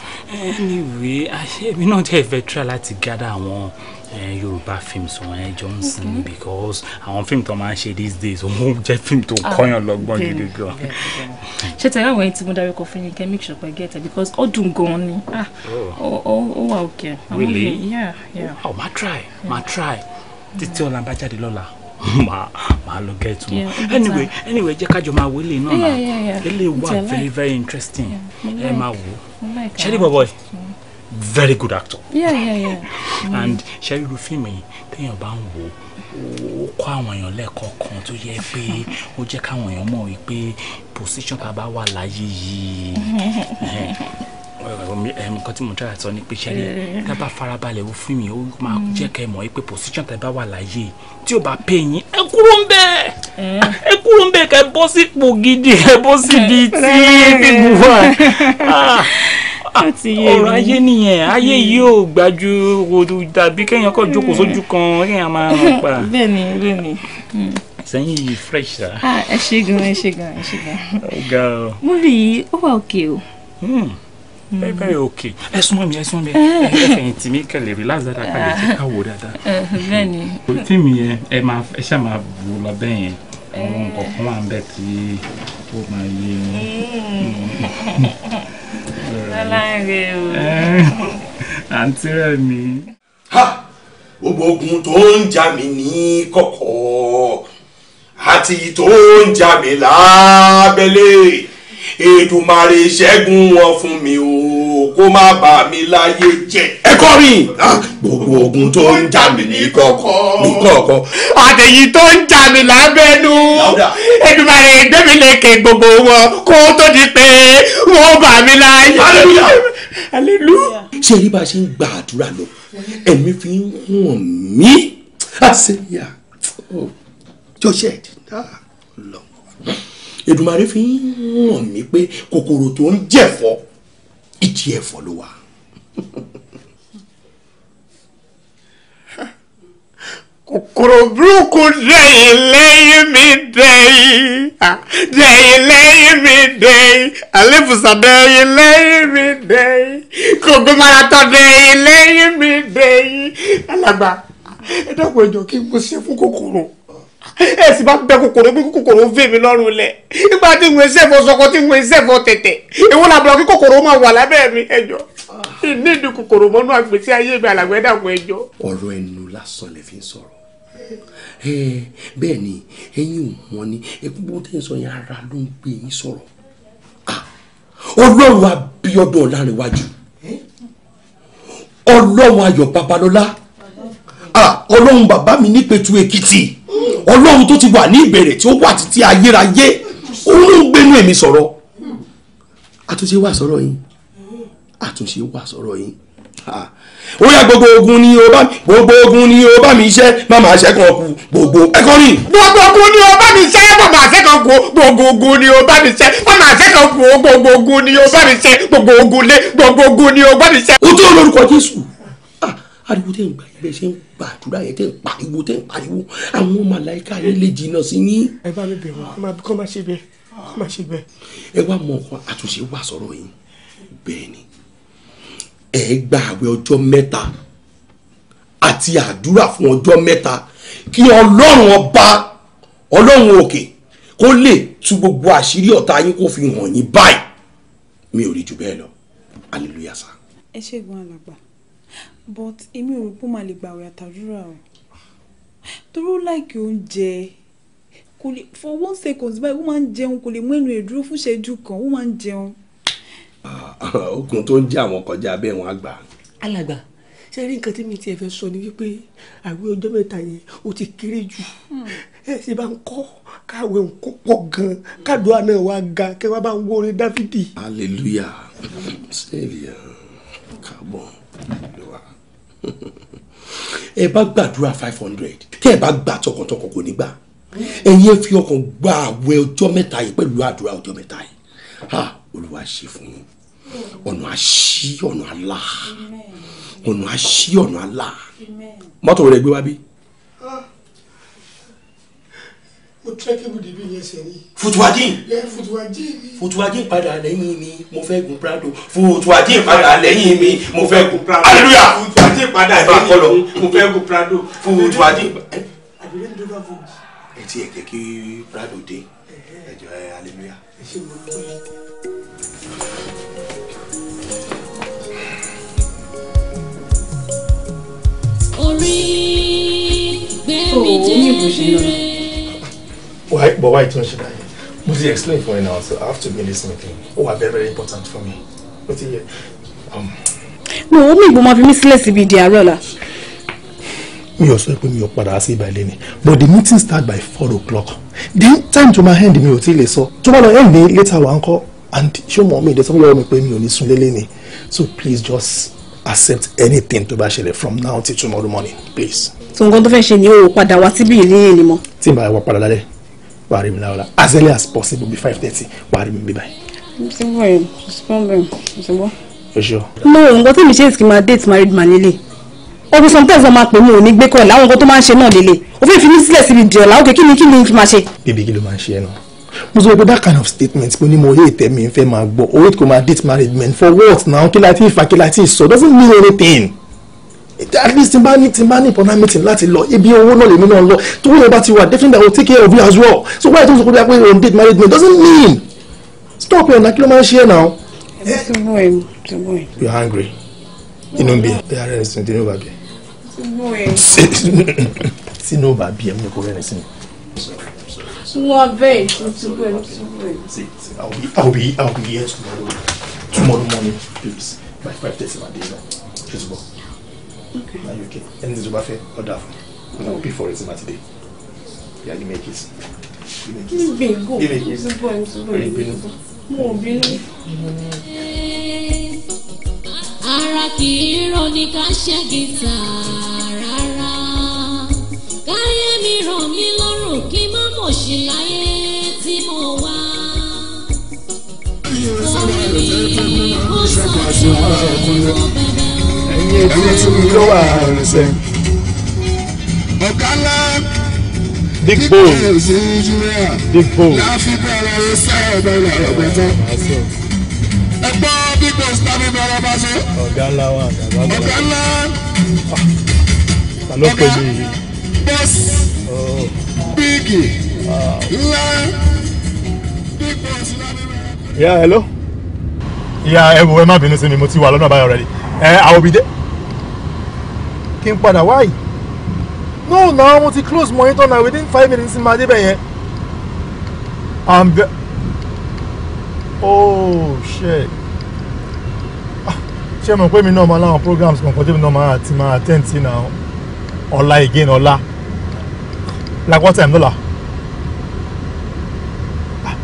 D: anyway èmi náà tẹ́ fẹ́ try láti gádà àwọn eh, yorùbá films wọn ẹ johnson because àwọn fíìmù tó máa ń ṣe these days òun jẹ́ fíìmù tó kọ́yàn lọ́gbọ́n gidi gan.
F: ṣé tẹ̀lé àwọn ẹni tí mo dárúkọ fún yín kẹ́ make sure pé get it because ó dùn
D: gan-an ni ah, oh. ó wà òkè. really? yeah yeah. oh ma try ma try títí ọ̀la bá jáde lọ́la màá màá lọ get wọn anyway anyway jẹ́ kájọ máa wọlé náà náà ilé wa very very interesting ẹ máa wò ṣẹ́rí bọ̀bọ̀ very good actor yeah, yeah, yeah. and ṣẹ́rí irú fíìmù yìí téèyàn bá ń wò ó kọ́ àwọn èèyàn lẹ́ẹ̀kọ́ kan tó yẹ pé ó jẹ́ káwọn èèyàn mọ̀ wípé position tá a bá wà láyé yìí. nǹkan tí mo jára sọ ni pé ṣẹlẹ̀ eh. tá a bá farabalẹ̀ wo fún mi ó máa jẹ́ kẹ́ ẹ mọ̀ pé position tẹ́ bá wà láàyè tí ò bá pè yín ẹ kúrò ń bẹ̀ eh. ẹ kúrò ń bẹ̀ kẹ́ ẹ bọ́ sípò gidi ẹ bọ́ síbi eh. tí bíbu wà ah, ọ̀rọ̀ ayé nìyẹn ayé hmm. yìí ò gbájú wòdù dàbí kéèyàn hmm. jókòó sójú kan kéèyàn máa ràn pa. bẹ́ẹ̀ni bẹ́ẹ̀ni hmm. sẹ́yìn yìí fresh sa. Ah, ẹ ṣe
F: gan
A: ẹ ṣe gan ẹ ṣe gan.
D: ó ga ọ.
A: múlì yìí ó wà òkè o very mm. eh, very eh,
D: okay ẹ súnmọ́ mi ẹ súnmọ́ mi eh. ẹ fẹ̀yìntì mi kẹlẹ̀ relax dáadáa ká lè jẹ́ ká wò dáadáa. bẹ́ẹ̀ni. tí mi yẹn ẹ máa ẹ ṣáà máa bù lọ bẹ́ẹ̀ yẹn àwọn nǹkan kan wà ń bẹ tí ó máa yé wọn. lọ́láńgẹ̀ o. àǹtí rẹ̀ mi. ha gbogbo ogun
B: tó ń jà mí ní kọ̀kọ̀ àti tó ń jà mí lábẹ́lẹ̀. Èdùmàrè ṣẹ́gun wọn fún mi o kó má bà mí láyé jẹ́. ẹ kọrin gbogbo ogun tó ń jà mí ní kọ̀kọ̀ ní kọ̀kọ̀ àtẹ̀yìn tó ń jà mí lábẹ́nu Èdùmàrè gbẹ́mí lékè gbogbo wọn kó tó di pé wọ́n bà mí láyé. hallelujah. ṣé èyí bá ṣe ń gba àdúrà lọ ẹ̀mí fi ń hàn mí àṣeyà oh just yet ah lọ. Èdùmàrè fi ń hàn mí pé kòkòrò tó ń jẹ̀fọ́ ìdí ẹ̀fọ́ ló wà. kòkòrò burúkú dẹ̀yìn lẹ́yìn mi dẹ̀yìn dẹ̀yìn lẹ́yìn mi dẹ̀yìn àlébùsà dẹ̀yìn lẹ́yìn mi dẹ̀yìn kòkòrò maratọ̀ dẹ̀yìn lẹ́yìn mi dẹ̀yìn alàgbà ẹ dẹ́kun ẹjọ́ kí n kó ṣe fún kòkòrò ẹ sì bá bẹ kòkòrò bí kòkòrò vè mí lọ́rùn lẹ̀ nígbà tí mo ṣẹ̀fọ́ sọkọ tí mo ṣẹ̀fọ́ tẹ̀tẹ̀ èwo làbúrò kí kòkòrò máa wà lábẹ́ mi ẹjọ́ ìníìdì kòkòrò mọ́nú àgbèsí ayé mi àlàgbé dàgbọ́ ẹjọ́.
E: ọ̀rọ̀ ẹnu lásán
B: lè fi sọ̀rọ̀ bẹ́ẹ̀ ni ẹ̀yin ò mọ̀ ni gbogbo tẹ̀ ń sọ yẹn ara ló ń gbé yín sọ̀rọ̀ ọlọ́run Abíọ́dún Ọlárìnwájú ọlọ́run Ayọ̀ Babalọ́lá ọlọ́run bàbá mi nípetu èkìtì ọlọ́run tó ti wà ní ìbẹ̀rẹ̀ tí ó wà títí ayérayé òun ń gbénú èmi sọ̀rọ̀ àtúnṣe wà sọ̀rọ̀ yín àtúnṣe wà sọ̀rọ̀ yín ó yá gbogbo ogun ni o bá mi gbogbo ogun ni o bá mi ṣẹ́ má máa ṣẹ́ kan kú gbogbo ẹ̀kọ́ ni. gbogbo ogun ni o bá mi ṣẹ́ má máa ṣẹ́ kan kú gbogbo ogun ni o bá mi ṣẹ́ má máa ṣẹ́ kan kú gbogbo ogun ni o bá mi ṣẹ́ gbogbo ogun lé gbogbo ogun ni o bá mi ṣẹ́. o tó lórúkọ Jésù ariwo tẹ́ ń gbà yín bẹ́ẹ̀ ṣe ń gbàdúrà yẹn tẹ́ ń pariwo tẹ́ ń pariwo àwọn màláìka yẹn lè jìnnà sí yín. ẹ bá mi bẹ̀ wọ́n kọ́ máa ṣe bẹ́ẹ̀ kọ́ máa ṣe bẹ́ẹ̀. ẹ wá mọ nǹkan àtúnṣe wà sọ̀rọ̀ yín bẹ́ẹ̀ ni ẹ gba àwẹ̀ ọjọ́ mẹ́ta àti àdúrà fún ọjọ́ mẹ́ta kí ọlọ́run ọba ọlọ́run òkè kó lè tú gbogbo àṣírí ọ̀tá yín kó fi hàn yín báyìí mi ò rí jù bẹ́ẹ̀ lọ hallelujah sir. ẹ ṣègùn alàgbà but èmi ò rò pé ó máa lè gbàwẹ̀ àtàdúrà o torí ó láìkí oúnjẹ kò lè for one second báyìí ó máa ń jẹun kò lè mú ẹnu ẹ̀ dúró fún ìṣẹ́jú kan ó máa ń jẹun. Ah, okùn tó ń jẹ àwọn kọjá bẹ́ẹ̀ wọ́n á gbà. alàgbà ṣe rí nǹkan tí mi tiẹ̀ fẹ́ sọ ni wípé àwẹ̀ ọjọ́ mẹ́ta yẹn ó ti kéré jù hmm. ẹ ṣe bá ń kọ́ káwẹ̀ ń kó pọ̀ gan-an kádùá náà wá ga kẹ́ wá bá ń wọlé dáfídì. hallelujah sẹ́ẹ̀lì kábọ̀ lọ́wọ́ ẹ bá gbàdúrà five hundred tẹ́ ẹ bá gbà tọkàntọkàn kò ní gbà ẹ̀yin ẹ fi ọkàn gba àwẹ̀ ọjọ́ mẹ́ta yìí pẹ̀lú àdúrà ọjọ́ mẹ́ta yìí ha olúwa ṣe fún yín ọ̀nà àṣí ọ̀nà àlá ọ̀nà àṣí ọ̀nà àlá mọ́tò rẹ̀ gbé wá bí. mo trekking with ibi yẹn sẹ́ni. futuwajin. futuwajin. futuwajin padà lẹ́yìn mi mo fẹ́ gun prado. futuwajin padà lẹ́yìn mi mo fẹ́ gun prado. hallelujah. futuwajin padà lẹ́yìn mi mo fẹ́ gun prado. futuwajin. àbílẹ̀ ń dọ́gba fún mi. ẹ ti ẹ̀ kẹ́ kí prado dé eh, eh. ẹ jọ ẹ hallelujah. ẹ oh, ṣe mo
A: orí gbẹ̀mí jẹ́ rẹ̀.
E: Why, but why don't you die? But you explain for me now, so I have to be in this meeting. Oh, are very, very important for me. But yeah, um.
B: No, omi ìbò máa fi mí sílẹ̀ síbi ìdí àárọ̀ la. Mi ò sọ pé mi ò padà sí ìbàlẹ̀ but the meeting starts by four o'clock. The time to my hand, mi ò tí ì lè sọ. Tó bá lọ end ní later wà ń kọ́ and ṣé mọ̀ mi ìdẹ́sọ́ lọ́wọ́ mi me on this ní sùn So please just accept anything to bá from now till tomorrow morning please. So nǹkan tó fẹ́ ṣe ni o padà wá síbí ìléyìn ni mo. Tí n bá wà padà lálẹ́ wàá rí mi as early as
E: possible bí five thirty wàá rí mi bí báyìí.
F: ṣé wọ́n rẹ̀ ṣé wọ́n rẹ̀ ṣé wọ́n.
E: o ṣe o.
B: mo nǹkan tí mi ṣe ìsìnkú máa date married man lélẹ̀ ọdún sometimes wọn máa pè mí ò ní gbé kọ́ ẹ̀ láwọn nǹkan tó máa ń ṣe náà lélẹ̀ òfin ìfimi sílẹ̀ síbi ìdí ọ̀la òkè kí ni kí ni kí máa ṣe.
E: bíbí kí ló máa ń ṣe ẹ náà
B: mo sọ pé that kind of statement mo ní mo yé ìtẹ́ mi ń fẹ́ máa gbọ́ owó tí kò máa date married men for what now kí la ti fa kí la ti sọ doesn't mean anything at least tin bá ní tin bá ní important meeting láti lọ ibi owó náà lèmi náà lọ tó wọ́n bá ti wà definitely i will take care of you as well so why don't you go there when you date married
E: man? doesn't mean stop your na kí ló
B: máa now.
A: ẹ ti bú ẹ ti bú ẹ. you are angry inú bí
E: ẹ ara ẹ sùn tinú bàbí
A: ẹ.
E: tinú bàbí ẹ mú kó rẹ ní sinmi.
A: wọ́n bẹ́ẹ̀ ti bú
B: ẹ ti bú
E: ẹ. I will be I will be I will be here tomorrow tomorrow morning please by five thirty my
C: day now okay anything tó bá fẹ́ order fún mi i will pay for it ma ti yeah give me a kiss give me a kiss
A: give ara kì í rọ ní ká ṣẹ́gi tààrà rárá káyé mi ràn mí lọ́rùn kí má mọ̀ sí láyé tí mo wá. orí mi kò sọ̀rọ̀ ọ̀bẹ ẹ̀yìn
B: big bone big bone. ẹgbọ́n big bone sábẹ́ bẹ̀rẹ̀ bá
E: ṣe. ọ̀gá ńlá wà bàbá bàbá. ọ̀gá
B: ńlá. ta ló pè mí
E: ńlá big bone sábẹ́ bẹ̀rẹ̀. yeah hello. ìyá ẹ wo ẹ má bínú sí mi mo ti wà lọ́nà báyọ̀ rẹ̀ ni ẹ àwọn òbí dé kí n padà wáyìí no na mo ti close monitor na within five minutes ma débẹ̀ yẹn i'm ve oh shit ah, ṣé mo pé mi náà máa láwọn programs kankan tí mi náà máa ti máa attend sí na ọ̀la again ọ̀la like what time lọ́la ah,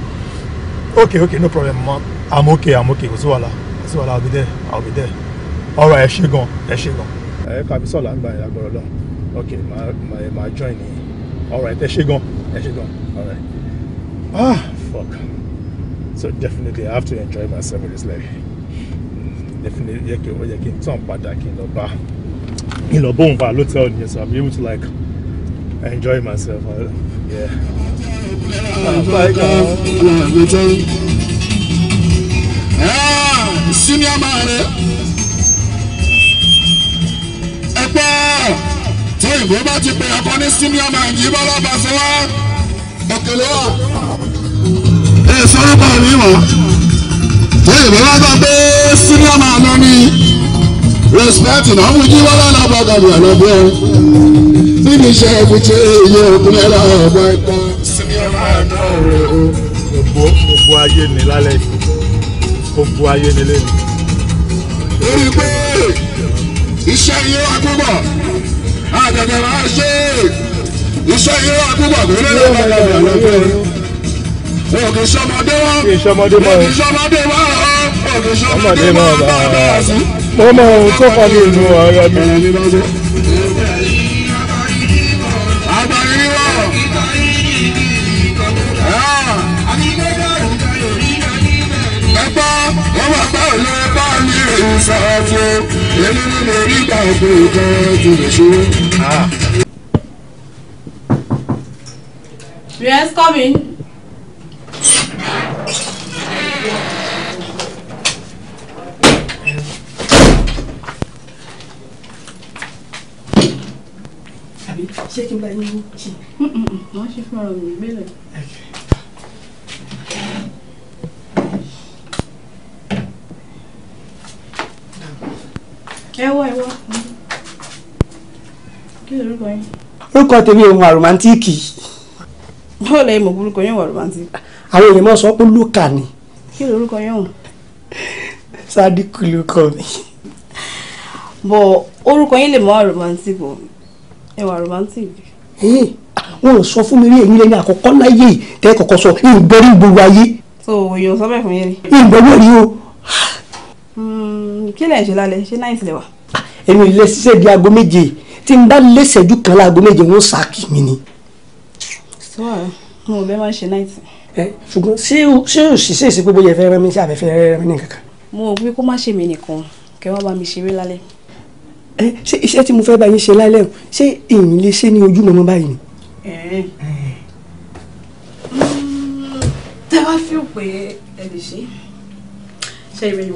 E: okay okay no problem ma i'm okay i'm okay kò sí wàhálà kò sí wàhálà i'll be there i'll be there ọ̀rọ̀ ẹ ṣe gan ẹ ṣe gan. ẹ kàbí sọ̀lá ń gba ẹ̀ lágbọ̀rọ̀ lọ ok màá màá join ní ọ̀rọ̀ ẹ tẹ ṣe gan ẹ ṣe gan ọ̀rọ̀ ẹ ah fuck so definitely i have to enjoy myself with this life definitely yẹ kí yẹ kí n tàn padà kí n lọ bá kí n lọ bóun bá lótẹ́ẹ̀lì yẹn so i'm able to like enjoy myself uh, yeah. Ah, bye, guys.
B: Ah, senior man, eh? pọ̀ tí ìbò bá ti pè ọkọ ní senior man yìí bá lọ́ba sí wa òkèlè wa. ẹ sọ́rọ́ bá mi wọ̀ tí ìbò bá gbà pé senior man lọ ní respect náà mú jí wọ́n lọ́nà bọ́gàdì ọ̀nà bí ẹ níbi iṣẹ́ ìfúnṣe èyí òkúnlẹ̀ lọ́wọ́ ọ̀gbọ́n ẹ̀kọ́
E: senior man náà rẹ̀ o. gbogbo ayé ni lálẹ́ gbogbo ayé ni lẹ́nu. lórí pé iṣẹ́ yìí wà púpọ̀ àtẹ̀tẹ̀ máa ṣe iṣẹ́ yìí wà púpọ̀ kò ní lè máa yàrá lọ́pẹ́ òkè sọmọdé wọn òkè sọmọdé wọn òkè sọmọdé wọn òkè sọmọdé
A: wọn bá a bá
B: a sí. mo mọ ohun tó fà mí inú ara mi.
A: Hello. Ah sọ fún èmi ni mo rí gbàgbé kan jù lè ṣe. Yes, come in.
F: ṣé kí n bá yín mú ẹwọ ẹwọ kí lorúkọ yín.
B: orúkọ tèmi òun àròmántìkì. bọ́ọ̀ lẹ́yìn mọ̀ orúkọ yín àròmántìkì. àwọn èèyàn máa sọ pé lókà ni.
F: kí lorúkọ yín òun.
B: sádìkù lorúkọ mi.
F: bọ̀ orúkọ yín lè mọ àròmántìkì o ẹwà
B: Ee, wọn sọ fún mi rí èyí láyé sọ gbogbo ayé.
F: so sọ fún yẹn. rí o. Hmm, kí
B: lẹ̀ ń ṣe lálẹ́ ṣé náà ìsìlẹ̀ wà. Ah, èmi ò lè ṣiṣẹ́ di aago méje tí n bá lè ṣẹ́jú kan láago méje wọn ṣáàkì mi ni. sọ́ọ̀ mo bẹ́ẹ̀ máa ṣe náìtì. ẹ ṣùgbọ́n ṣé ṣé òṣìṣẹ́ ìsìnkú bóyá fẹ́ rán mi sí àbẹ̀fẹ́ rẹ́ mi nìkan kan. mo wí kó má ṣe mí nìkan
F: kẹ́ wọ́n bá mi ṣeré lálẹ́.
B: ẹ ṣé iṣẹ́ tí mo fẹ́ bá yín ṣe lálẹ́ o ṣé èyí lè ṣe ní ojú mọ́mọ́ báyìí ni. tẹ́ wá fi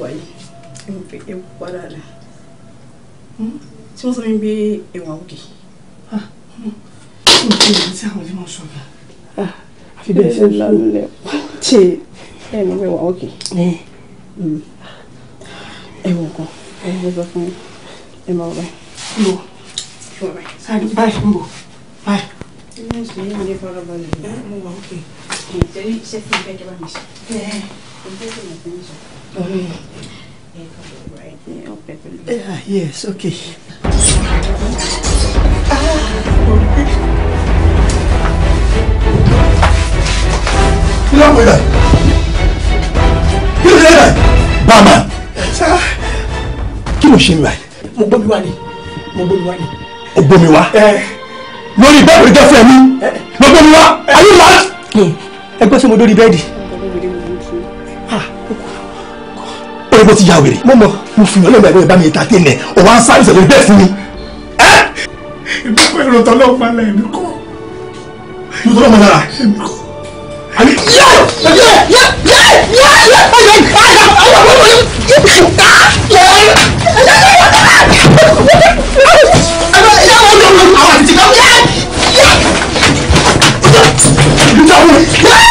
B: wáyé fi ń fi ewu pa dáadáa hmm? tí wọ́n sọ mi gbé ẹ̀wà òkè. Ah, hmm. kí n ṣe ah, tí àwọn onímọ̀ sọ̀rọ̀. Ah, àfi bẹ́ẹ̀ ṣe é ṣe bẹ́ẹ̀ ni ẹ̀wà òkè. ẹ̀wọ̀n hmm. kan ẹ̀wọ̀n sọ fún ẹ̀ máa wọ̀ báyìí. báyìí báyìí ń bọ̀ báyìí. ilé ìṣòro yìí ń lé farabalẹ̀ ẹ̀ mo não òkè. ìṣẹ́ tí ìṣẹ́ tí ìṣẹ́ tí ìṣẹ́ tí ìṣẹ́ tí ìṣẹ́ tí ìṣẹ́
F: tí ìṣẹ́ tí ọpẹ yes okay. kí
B: ló ń pè bẹ́ẹ̀ kí ló ń pè bẹ́ẹ̀ bàmà kí ló ṣe mi báyìí. mo gbọ́ mi wá ni mo gbọ́ mi wá ni. o gbọ́ mi wá lórí bẹ́ẹ̀dì tó fẹ́ mi mo gbọ́ mi wá ayé wá. ẹ gbọ́ sí mo dórí bẹ́ẹ̀dì. oye bó ti ya wèrè. mo mọ̀ mo fi ìyọ́lẹ̀ ìgbàgbọ́ ìbá mi ta tẹ́lẹ̀ ọ̀ wá ń sáré ìṣẹ̀lẹ̀ bẹ́ẹ̀ fún mi. ìdúpọ̀ èrò tọ́lọ́ ọ̀pá la ẹ̀mí kọ́. mo tọ́lọ́ ọmọ lára. ẹ̀mí kọ́. àbí yẹ yẹ yẹ
A: yẹ yẹ yẹ ọyọ ìpàdà ọyọ ọmọ yẹ yẹ yẹ yẹ yẹ yẹ yẹ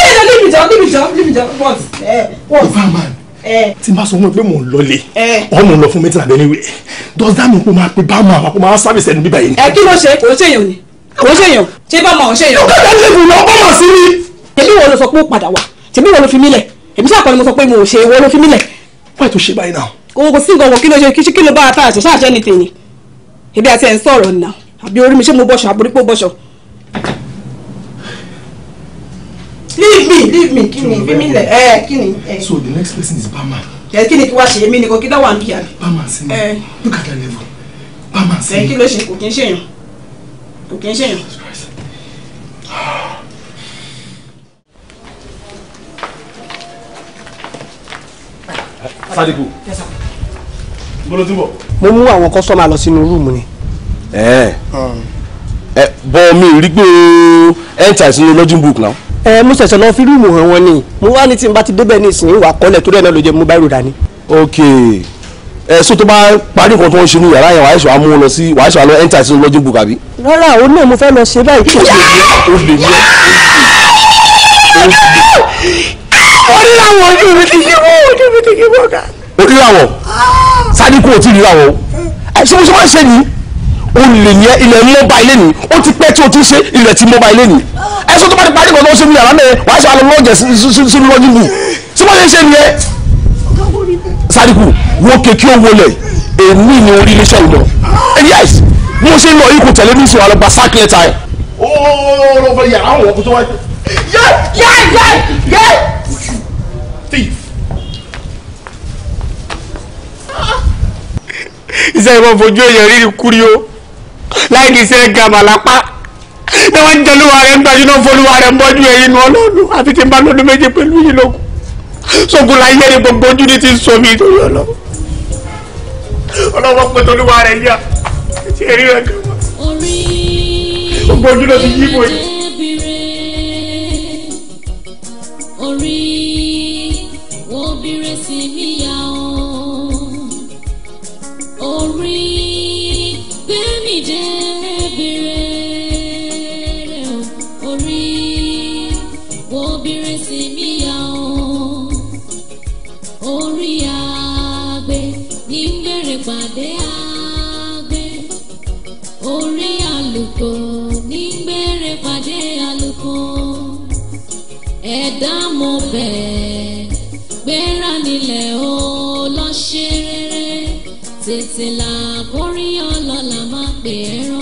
B: it up what what. Superman tí n bá sọ fún mi pé mò ń lọlé ọ̀nà lọ fún mi tí nàbẹ́ ni wẹ̀ does that mean kó máa pe bámu àwọn kó máa sábìsì ẹni bíbá yìí. ẹ kí ló ṣe kò ṣèyàn ni kò ṣèyàn ṣé bámu àwọn ṣèyàn. ọgbẹ́ ìdájọ́ ìbùn náà ọgbọ́n mọ̀ sí mi. èmi wo ló sọ pé ó padà wá tèmi wo ló fi mí lẹ̀ èmi sáà kọ́ ni mo sọ pé mo ò ṣe ìwọ ló fi mí lẹ̀. wọ́n ètò ṣe báyìí náà. kò sí ìgbọ̀wọ̀ kí ló ṣe kí ló bá a tààṣẹ ṣáàṣẹ ni tèmi èmi àti ẹ̀ ń sọ̀rọ̀ nà àbí orí mi ṣé mo bọ̀ṣọ̀ àbúrí pé leave me leave me kí ni fi mi lẹ ẹ kí ni. Eh, eh. so the next person is barman. ẹ eh, kí ni kí wá ṣe mí ni kò kí dá wà ń bí àbí. barman sí mi look at that level barman sí mi. ẹ kí ló ṣe kò kí ń ṣèyàn kò kí ń ṣèyàn. sadiku bolo ti bọ. mo mú àwọn kọ́sọ́mà lọ sínú rúùmù ni. ẹ hmm. bọ́ mi rí pé ẹ ń ta ìsinmi lodging book náà ẹ mo ṣẹ̀ṣẹ̀ lọ fi rúùmù hàn wọn ni mo wá ní tí n bá ti débẹ̀ ní ìsìn ìwà kọ́lẹ̀ tó dẹ̀ náà ló jẹ́ mo bá ni. ok ẹ so tó bá parí nǹkan tó ń ṣe ní yàrá yẹn wàá ṣọ àmú lọ sí wàá ṣọ àlọ ẹńtà sí lọ́jọ́ bù kàbí. rárá òun náà mo fẹ́ lọ ṣe báyìí. o lè
A: ní o lè ní o lè ní. onílàwọ̀ ojú mi ti ṣe wọ́n ojú mi ti ṣe wọ́n dà.
B: onílàwọ̀ sadiku ò tí ì ríra wọ́n ẹ̀ ṣé mo ṣe máa ń ṣe nìyí o lè yẹn ilẹ̀ mọ́ba ilé nìyí ó ti pẹ́ tí o ti ṣe ilẹ̀ ti mọ́ba ilé nìyí ẹ sọ tó bá ti parí kan tó ń ṣe nílẹ̀ àlámẹ́ wàá ṣe àlọ́ lọ́jẹ̀ sínú lọ́jú bù tí wọ́n ṣe ṣe nìyẹn. sadiku wo kékeré owó lẹ̀ èmi ni orí iléeṣẹ́ ìlọ yes bí mo ṣe ń lọ yìí kò tẹ̀lé mi sí ọ̀rọ̀ gba sack letter ẹ̀. ó lọ fẹ́ yàrá àwọn ọkùnrin tó wáyé. yẹ yẹ yẹ yẹ. thief iṣẹ́ ìwọ̀n fojú èèyàn rí ni kúrí o láì ní sẹ́ ga màlápá ní wọ́n ń jẹ́lúwa rẹ̀ ń gbajú náà fọlúwa rẹ̀ ń bọ́jú ẹ̀yìn nu ọlọ́run àfi ti ń bá lọ́dún méje pẹ̀lú yìí lókun sógun láyé ni gbogbo ojú ni ti ń sọ mi ọlọ́run ọlọ́run pé tolúwa rẹ̀ yá ẹ̀jẹ̀ rí rẹ̀ gan gbogbo ojú ló ti yí bọ̀
A: yìí. tètè là borí ọlọ́lá má pè é rán.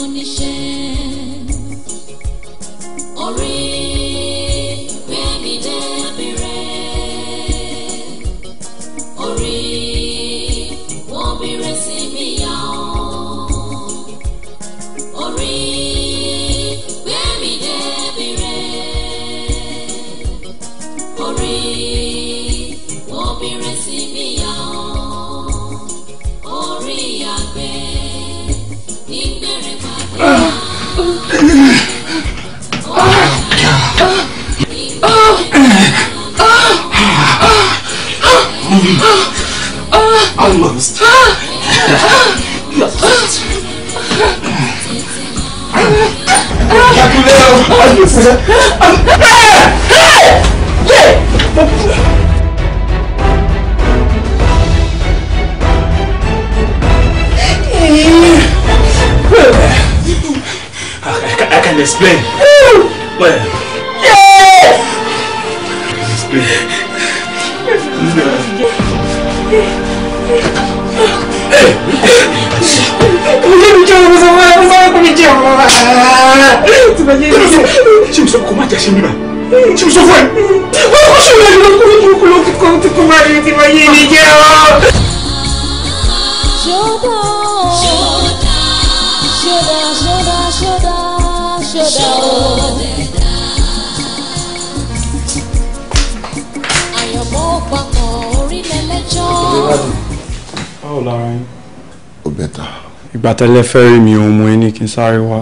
A: yẹ fúnṣẹ́.
D: I, I can explain.
A: Well, explain. Hey!
B: Hey! Hey! Hey! Hey! Hey! Hey! Hey! Hey! Hey! Hey! Hey! Hey! Hey! Hey! Hey! sọ kó má jàṣẹ mi bá tí o sọ fún ẹ wọ́n kó sùn lẹ́nu ló kúrú kúrú kúrú kíkọ́ tí kò máa yẹ ti máa yé mi jẹ́ ọ́.
A: ṣọdá ṣọdá ṣọdá ṣọdá ṣọdá àyànmọ́ papọ̀ orílẹ̀ lẹ́jọ́.
C: báwo lára yín. ó
E: bẹ ta. ìgbà tẹ́lẹ̀ fẹ́ rí mi òun mú ẹni kí n sáré wá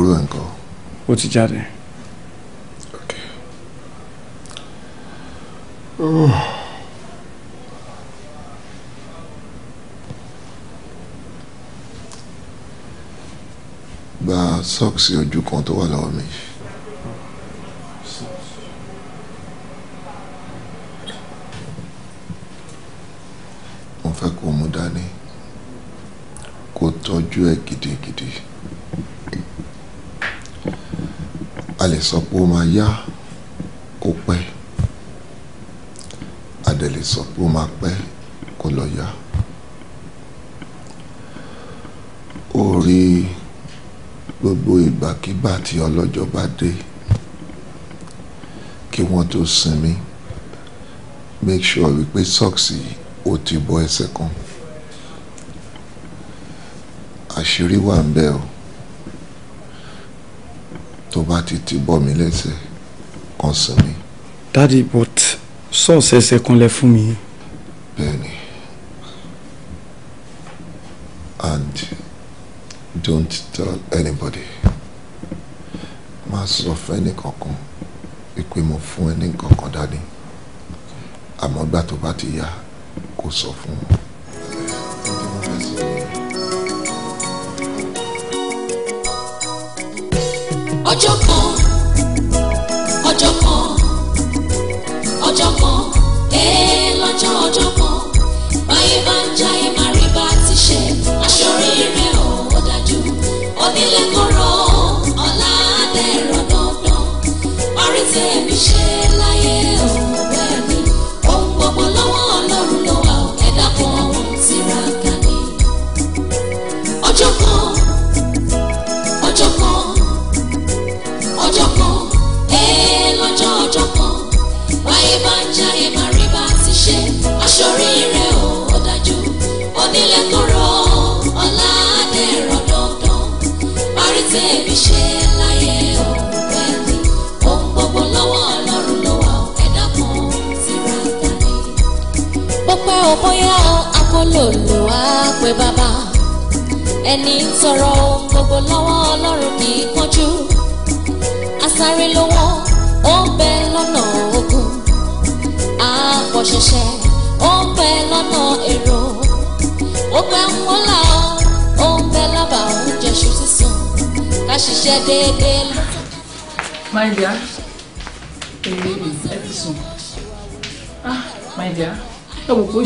C: àbúrò nǹkan. ó ti jáde. Okay. Oh. gba sọ́ọ̀sì ojú kan tó wà lọ́wọ́ mi. mo fẹ́ kó mú dání kó tọ́jú ẹ̀ gidigidi. Gidi. gidi. a lè sọ pé ó máa yá kó pẹ́ a dẹ̀ lè sọ pé ó máa pẹ́ kó lọ yá. ó rí gbogbo ìgbàkígbà tí ọlọ́jọ́ bá dé kí wọ́n tó sinmi make sure wípé sọ́ọ̀sì ó ti bọ́ ẹsẹ̀ kan àṣírí wà ń bẹ o tó bá ti ti bọ́ mi lẹ́sẹ̀ kan sìn mí.
E: dadi but sọ́ọ̀sì ẹsẹ̀ kan lẹ fún mi. bẹ́ẹ̀ni
C: and don't tell anybody má sọ fún ẹnì kankan pé mo fún ẹnì kankan dání àmọ́ gbà tó bá ti yá kó sọ fún wọn.
A: ọjọ́ kan.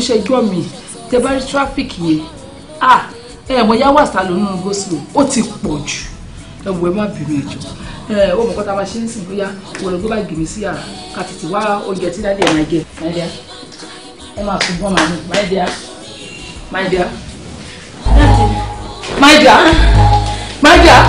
D: ṣẹjọ́ mi tẹ bá rí
B: traffic yẹn ah ẹ mọ yá wàsá lónú go slow ó ti pọ̀ jù ẹ wọ ẹ má bínú ẹjọ́ ẹ ó mọ̀ kọ́ta máa ṣe ń sìn bóyá wọlé gbé bá gèmí sí yàrá ká tètè wá oúnjẹ tí dáadé ẹ máa jẹ ẹ máa sùn bọ́ màmú my dear my dear my dear my dear.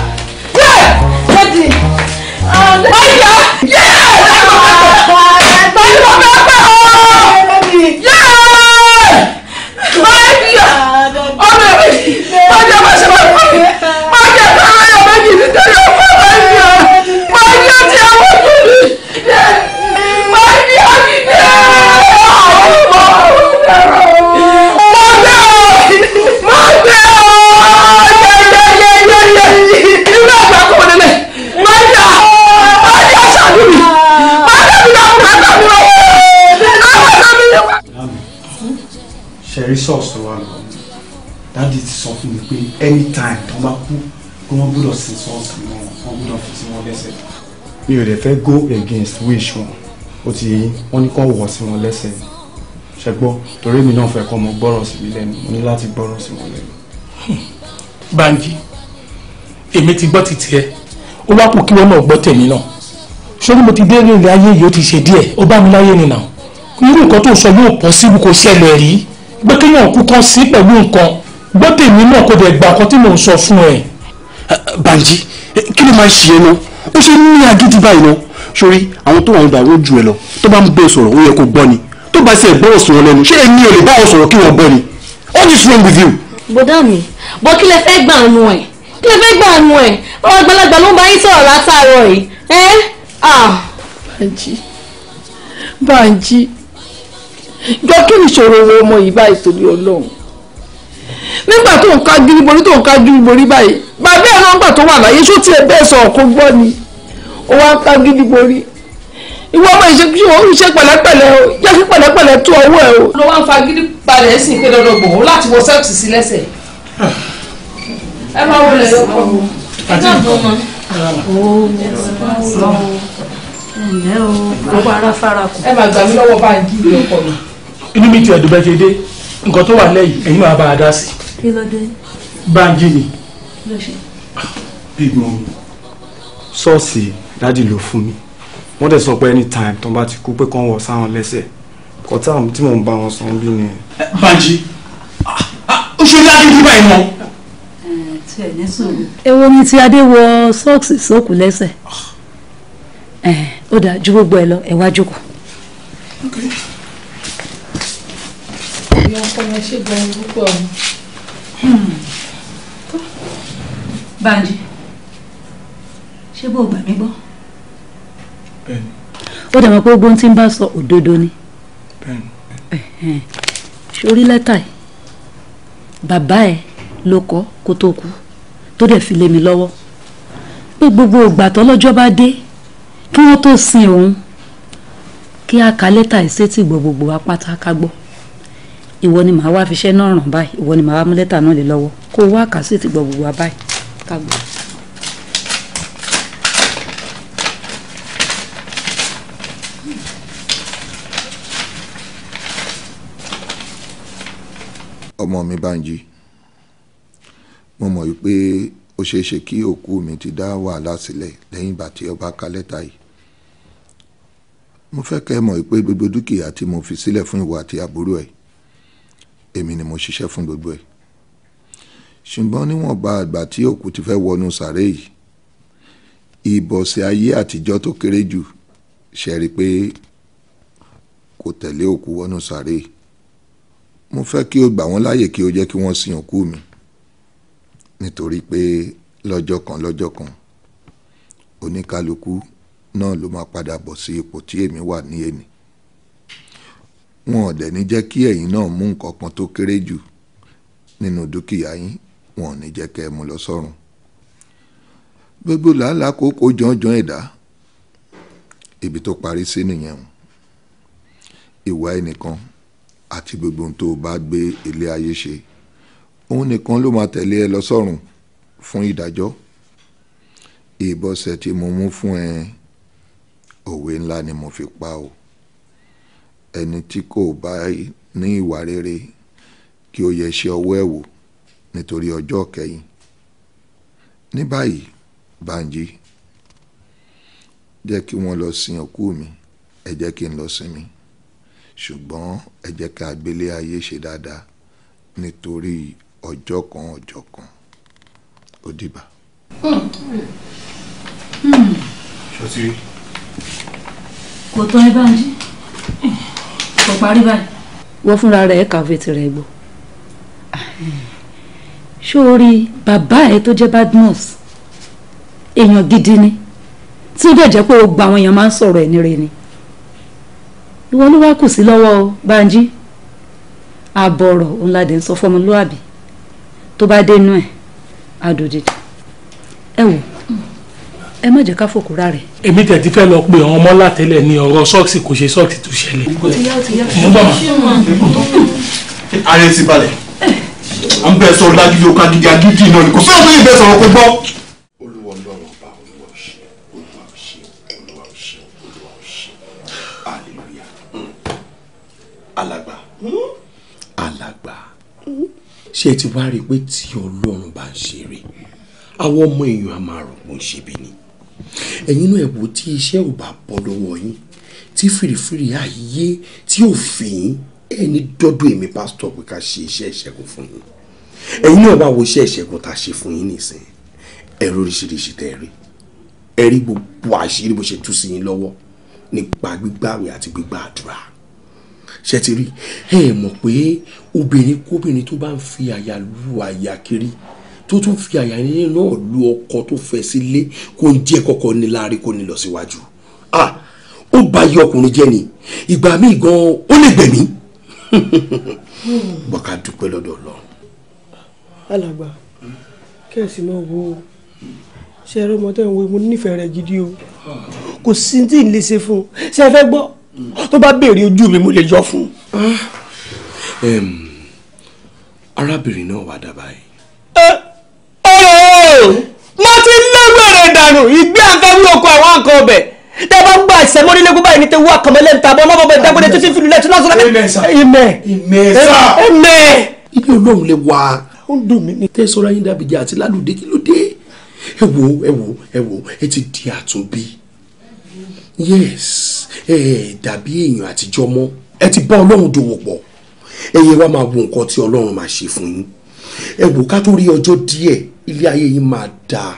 E: resource wa lọ dáàdi ti sọ fún mi pé anytime tó bá kú kí wọ́n gbọ́dọ̀ sin sọ́ọ̀sì wọn wọ́n gbọ́dọ̀ fi sí wọn lẹ́sẹ̀. mi ò dẹ̀ fẹ́ go against wish wọn ó ti yé wọn ní kàn wọ̀ sí wọn lẹ́sẹ̀ ṣẹgbọ́n torí mi náà fẹ́ kọ́ ọmọ gbọ́rọ̀ sí mi lẹ́nu mo ní láti gbọ́rọ̀ sí wọn lẹ́nu. Banji èmi ti gbọ́
B: títí ẹ ó wá kó kí wọ́n náà gbọ́ tèmi náà sórí mo ti dé ní ilé ayé yìí ó ti ṣe díẹ̀ ó bá mi láyé nìyà irú nǹkan tó sọ yóò pọ̀ síbi kò ṣẹlẹ̀ rí pé kéèyàn kú kan sí pẹ̀lú nǹkan gbọ́dọ̀ èmi náà kò dẹ̀ gbà kan tí mò ń sọ fún ẹ. Banji kí ló máa ń ṣe é náà ó ṣe ní agídí báyìí náà sórí àwọn tó wà ń bá wọn ju ẹ lọ tó bá ń bẹ sọ̀rọ̀ ó yẹ kó gbọ́ ni tó bá sì ẹ̀ gbọ́ òsùn wọn lẹ́nu ṣé èmi ò lè bá wọn sọ̀rọ̀ kí wọ́n gbọ́ ni
A: what is wrong with you. bọ́dà mi bọ́ kí lẹ fẹ́ gbà nu ẹ̀ kí lẹ fẹ́ gbà nu ẹ̀ ọ̀rọ̀ àgbàlagbà ló ń bá yín sọ̀rọ̀ látàárọ̀ yìí ẹ́ ah.
D: Banji
B: Banji jọ kí ni ìṣòro wo ọmọ yìí báyìí torí ọlọ́run nígbà tó ń ká gírí borí tó ń ká gírí borí báyìí bàbá ẹ̀ nọ́mbà tó wà láyé ṣó tiẹ̀ bẹ́ẹ̀ sọ ọ̀kọ́ gbọ́ ni ó wá ń ká gírí borí ìwọ ọmọ ìṣe pẹ̀lẹ́pẹ̀lẹ́ o jẹ́ kí pẹ̀lẹ́pẹ̀lẹ́ tó ọwọ́ ẹ o. ló wá ń fa gírí balẹ̀ sí pé dandan gbòòrò láti
F: wọ sẹ́ẹ̀sì sí lẹ́sẹ̀. ẹ máa wọlé lọ́kọ̀ọ́ ẹ̀lẹ́ ẹ máa gbà mí lọ́wọ́ bá kí ìlú ọkọ mi.
B: inú mi ti ẹ̀dùn bẹ́ẹ̀ dé nǹkan tó wà lẹ́yìn ẹ̀yin máa
E: bá a dá sí. kí ló dé. báńjì ni. big mom ṣọ́ọ̀ṣì dájú ló fún mi wọ́n dẹ̀ sọ pé anytime tó bá ti kú pé kàn wọ sáwọn lẹ́sẹ̀ kọ́tà tí mò ń bá wọn san bí ni. báńjì
F: ó ṣe láti dúpẹ́ ìmọ̀ èwo ni ti adé wọ sọ́ọ̀sì sókù lẹ́sẹ̀. Ah. Eh, ó dáa ju gbogbo ẹ lọ ẹ wá jókòó. ìyá ọkọ mi ṣe gan-an púpọ̀ o. Bánjí ṣé bó o gbà mí gbọ́. ó dàbọ̀ pé gbóhùn tí ń bá sọ òdodo ni. sórí lẹ́tà ẹ̀ bàbá ẹ̀ ló kọ kó tó kú tó dẹ̀ fi lé mi lọ́wọ́ pé gbogbo ìgbà tọ́lọ́jọ́ bá dé kí wọ́n tó sin òun kí a ka lẹ́tà yìí sétí gbọ́ gbogbo wa pátá ká gbọ́ ìwọ ni màá wá fiṣẹ́ náà ràn báyìí ìwọ ni màá wá mú lẹ́tà náà lé lọ́wọ́ kó o wá kà sétí gbọ́ gbogbo wa báyìí ká gbọ́.
C: ọmọ mi Bánjí mo mọ̀ wípé ó ṣeé ṣe kí òkú mi ti dá wàhálà sílẹ̀ lẹ́yìn ìgbà tí ọba ka lẹ́tà yìí mo fẹ́ kẹ́ ẹ mọ̀ pé gbogbo dúkìá tí mo fi sílẹ̀ fún ìwà àti àbúrò ẹ̀ èmi ni mo ṣiṣẹ́ fún gbogbo ẹ̀ ṣùgbọ́n níwọ̀nba àgbà tí òkú ti fẹ́ wọnú sàré yìí ìbọ̀sẹ̀ ayé àtijọ́ tó kéré jù ṣe rí i pé kò tẹ̀lé òkú wọnú sàré mo fẹ́ kí o gbà wọ́n láàyè kí o jẹ́ kí wọ́n sin òkú mi nítorí pé lọ́jọ́ kan lọ́jọ́ kan oníkálukú náà ló máa padà bọ̀ sí ipò tí èmi wà ní èní wọn ò dẹ̀ ní jẹ́ kí ẹ̀yin náà mú nǹkan kan tó kéré jù nínú dúkìá yín wọn ò ní jẹ́ kẹ́ ẹ mú lọ sọ́run gbogbo làálàá kókó jọ̀ọ́jọ́ ẹ̀dá ibi tó parí sí nìyẹn ìwà ẹnìkan àti gbogbo ohun tó bá gbé ilé ayé ṣe òun nìkan ló máa tẹ̀lé ẹ lọ sọ́run fún ìdájọ́ ìbọ̀sẹ̀ tí mo mú fún ẹ òwe ńlá ni mo fi pa o ẹni tí kò bá ní ìwà rere kí ó yẹ ṣe ọwọ́ ẹ̀ wò nítorí ọjọ́ kẹ́yìn ní báyìí Bánjí jẹ́ kí wọ́n lọ sin òkú mi ẹ jẹ́ kí n lọ sinmi ṣùgbọ́n ẹ jẹ́ ká gbélé ayé ṣe dáadáa nítorí ọjọ́ kan ọjọ́ kan ó dìbà. ṣọtí. Mm
F: kò tán ẹ báyìí kò parí báyìí. wọ́n fúnra rẹ̀ kàwé tirẹ̀ gbọ́ sórí bàbá ẹ tó jẹ́ Badmus èèyàn gidi ni tí ó dẹ̀ jẹ́ pé o gba àwọn èèyàn máa ń sọ̀rọ̀ ẹ̀ nírè ni ìwọ ló wá kù sí lọ́wọ́ Banji àbọ̀rọ̀ òun la dẹ̀ ń sọ fọmọlúàbí tó bá dénú ẹ̀ adòdìdì ẹ wò ẹ má jẹ́ ká fòkúra rẹ̀.
D: èmi tẹ̀ ti fẹ́ lọ pé àwọn ọmọ látẹ̀lẹ̀ ní ọ̀rọ̀ sọ́ọ̀sì kò ṣe sọ́ọ̀sì tó ṣẹlẹ̀. mo bá ara ẹ ti balẹ̀
B: à ń bẹ sọ lágídí ọkọ agídí agídí náà ni kò sí ọ̀sẹ̀ ìbẹ̀ sọ̀rọ̀ kó gbọ́. olúwa ọlọ́run bá olúwa ṣe olúwa ṣe olúwa ṣe olúwa ṣe aleluya alàgbà alàgbà ṣé ẹ ti wá rí i pé tí ọlọ́run bá ń ṣeré àwọn ọmọ èèyàn á máa rògbòn ṣe bí ni ẹ̀yin náà ẹ wò tí iṣẹ́ ò bá bọ́ lọ́wọ́ yín tí fìrìfìrì ayé tí ò fìyín ẹni dọ́dọ̀ èmi pásítọ̀ pé ká ṣe iṣẹ́ ìṣẹ́gun fún yín ẹ̀yin náà bá wo iṣẹ́ ìṣẹ́gun tá a ṣe fún yín nìsín ẹ rí oríṣiríṣi tẹ́ ẹ rí ẹ rí gbogbo àṣírí bó ṣe tú sí yín lọ́wọ́ nípa gbígbàwẹ̀ àti gbígbà àdúrà ṣe ti rí ẹ mọ̀ pé obìnrin kóbìnrin tó bá ń fi àyà lu àyà kiri tó tún fi àyà yín náà lu ọkọ tó fẹ́ sílé kó jẹ́ kọ́kọ́ ní láàrin kó ní lọ síwájú ah ó bà yí ọkùnrin jẹ́ ni ìgbà míì gan ó lè gbẹ̀mí hmm. bọ́ká dúpẹ́ lọ́dọ̀ lọ. alàgbà kẹ́sì náà wo ṣe ẹ̀rọ ọmọdé ń wo mo nífẹ̀ẹ́ rẹ̀ gidi o kò sí tí ì lè ṣe fún un ṣe ẹ fẹ́ gbọ́ hmm. tó bá béèrè ojú mi mo lè yọ fún un.
E: arábìnrin náà wà dábàá yìí
B: mo ti lérò èrè dànù ìgbé àǹkà wí oko àwọn àǹkà ọbẹ̀ tẹ bá gba ẹsẹ mọ nílé gbọba ẹni tẹ wú àkànmọlẹ ń ta bọ ọmọ bọbẹ dágbére tó ti fi lulẹ tó lọ sọlá ìmẹ ìmẹ ìmẹ. ibi olóhùn lè wá ó ń dùn mí ní. tẹ sọra yín dàbí jẹ àti lálùdé kí ló dé ẹ wo ẹ wo ẹ wo ẹ ti di àtúnbí yes ẹ dàbí èèyàn àtijọ́ mọ́ ẹ ti bá ọlọ́run dòwò pọ̀ ẹ yẹ wá máa wo nǹkan tí ọlọ́run máa ṣe fún yín ẹ wò ká tó rí ọjọ́ díẹ̀ ilé ayé yìí máa dáa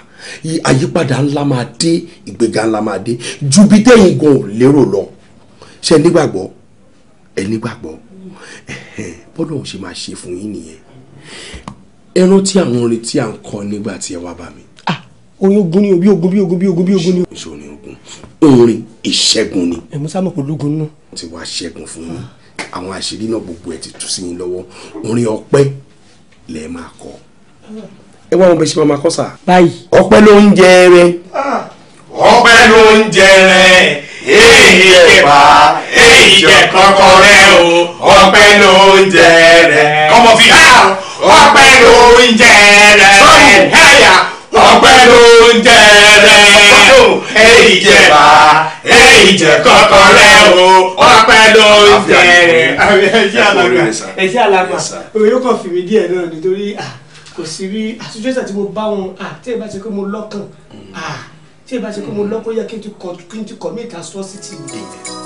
B: àyípadà ńlá máa dé ìgbéga ńlá máa dé ju bí tẹ́yìn gan ò lérò lọ ṣe nígbàgbọ́ ẹ nígbàgbọ́ bọ́dọ̀ ò ṣe máa ṣe fún yín nìyẹn
E: ẹ rántí àwọn orin tí à ń kọ nígbà tí ẹ wá bá mi.
B: orin ogun ni bí ogun bí ogun bí ogun bí ogun ni. ìṣòro ni ogun
E: orin ìṣẹ́gun
B: ni. ẹ musa mọ̀ pé ológun náà. ti wá ṣẹ́gun fún yín àwọn àṣírí náà gbogbo ẹ̀ ti tú sí yín lọ́wọ́ orin ọpẹ́ lẹ máa kọ ẹ wá wọn bẹ ṣe máa kọ sà. báyìí. ọpẹ́ ló ń jẹ rẹ. ọpẹ́ ló ń jẹ rẹ èyí kẹfà èyí kẹkọkọ rẹ o ọpẹ́ ló ń jẹ rẹ. kọ́mọ fi hàn ọpẹ́ ló ń jẹ rẹ. sọ́ọ̀mù ẹ̀yà ọpẹ́ ló ń jẹ rẹ èyí jẹba èyí jẹ kọkọ rẹ o ọpẹ́ ló ń jẹ rẹ. ẹṣẹ alagba ẹṣẹ alagba òye kan fi mí díẹ̀ náà nítorí kò sí rí àtúnṣe tí mo bá wọn tí ẹ bá ti pé mo lọ́kàn tí ẹ bá ti pé mo lọ́kàn yẹ kí n ti commit atrocity.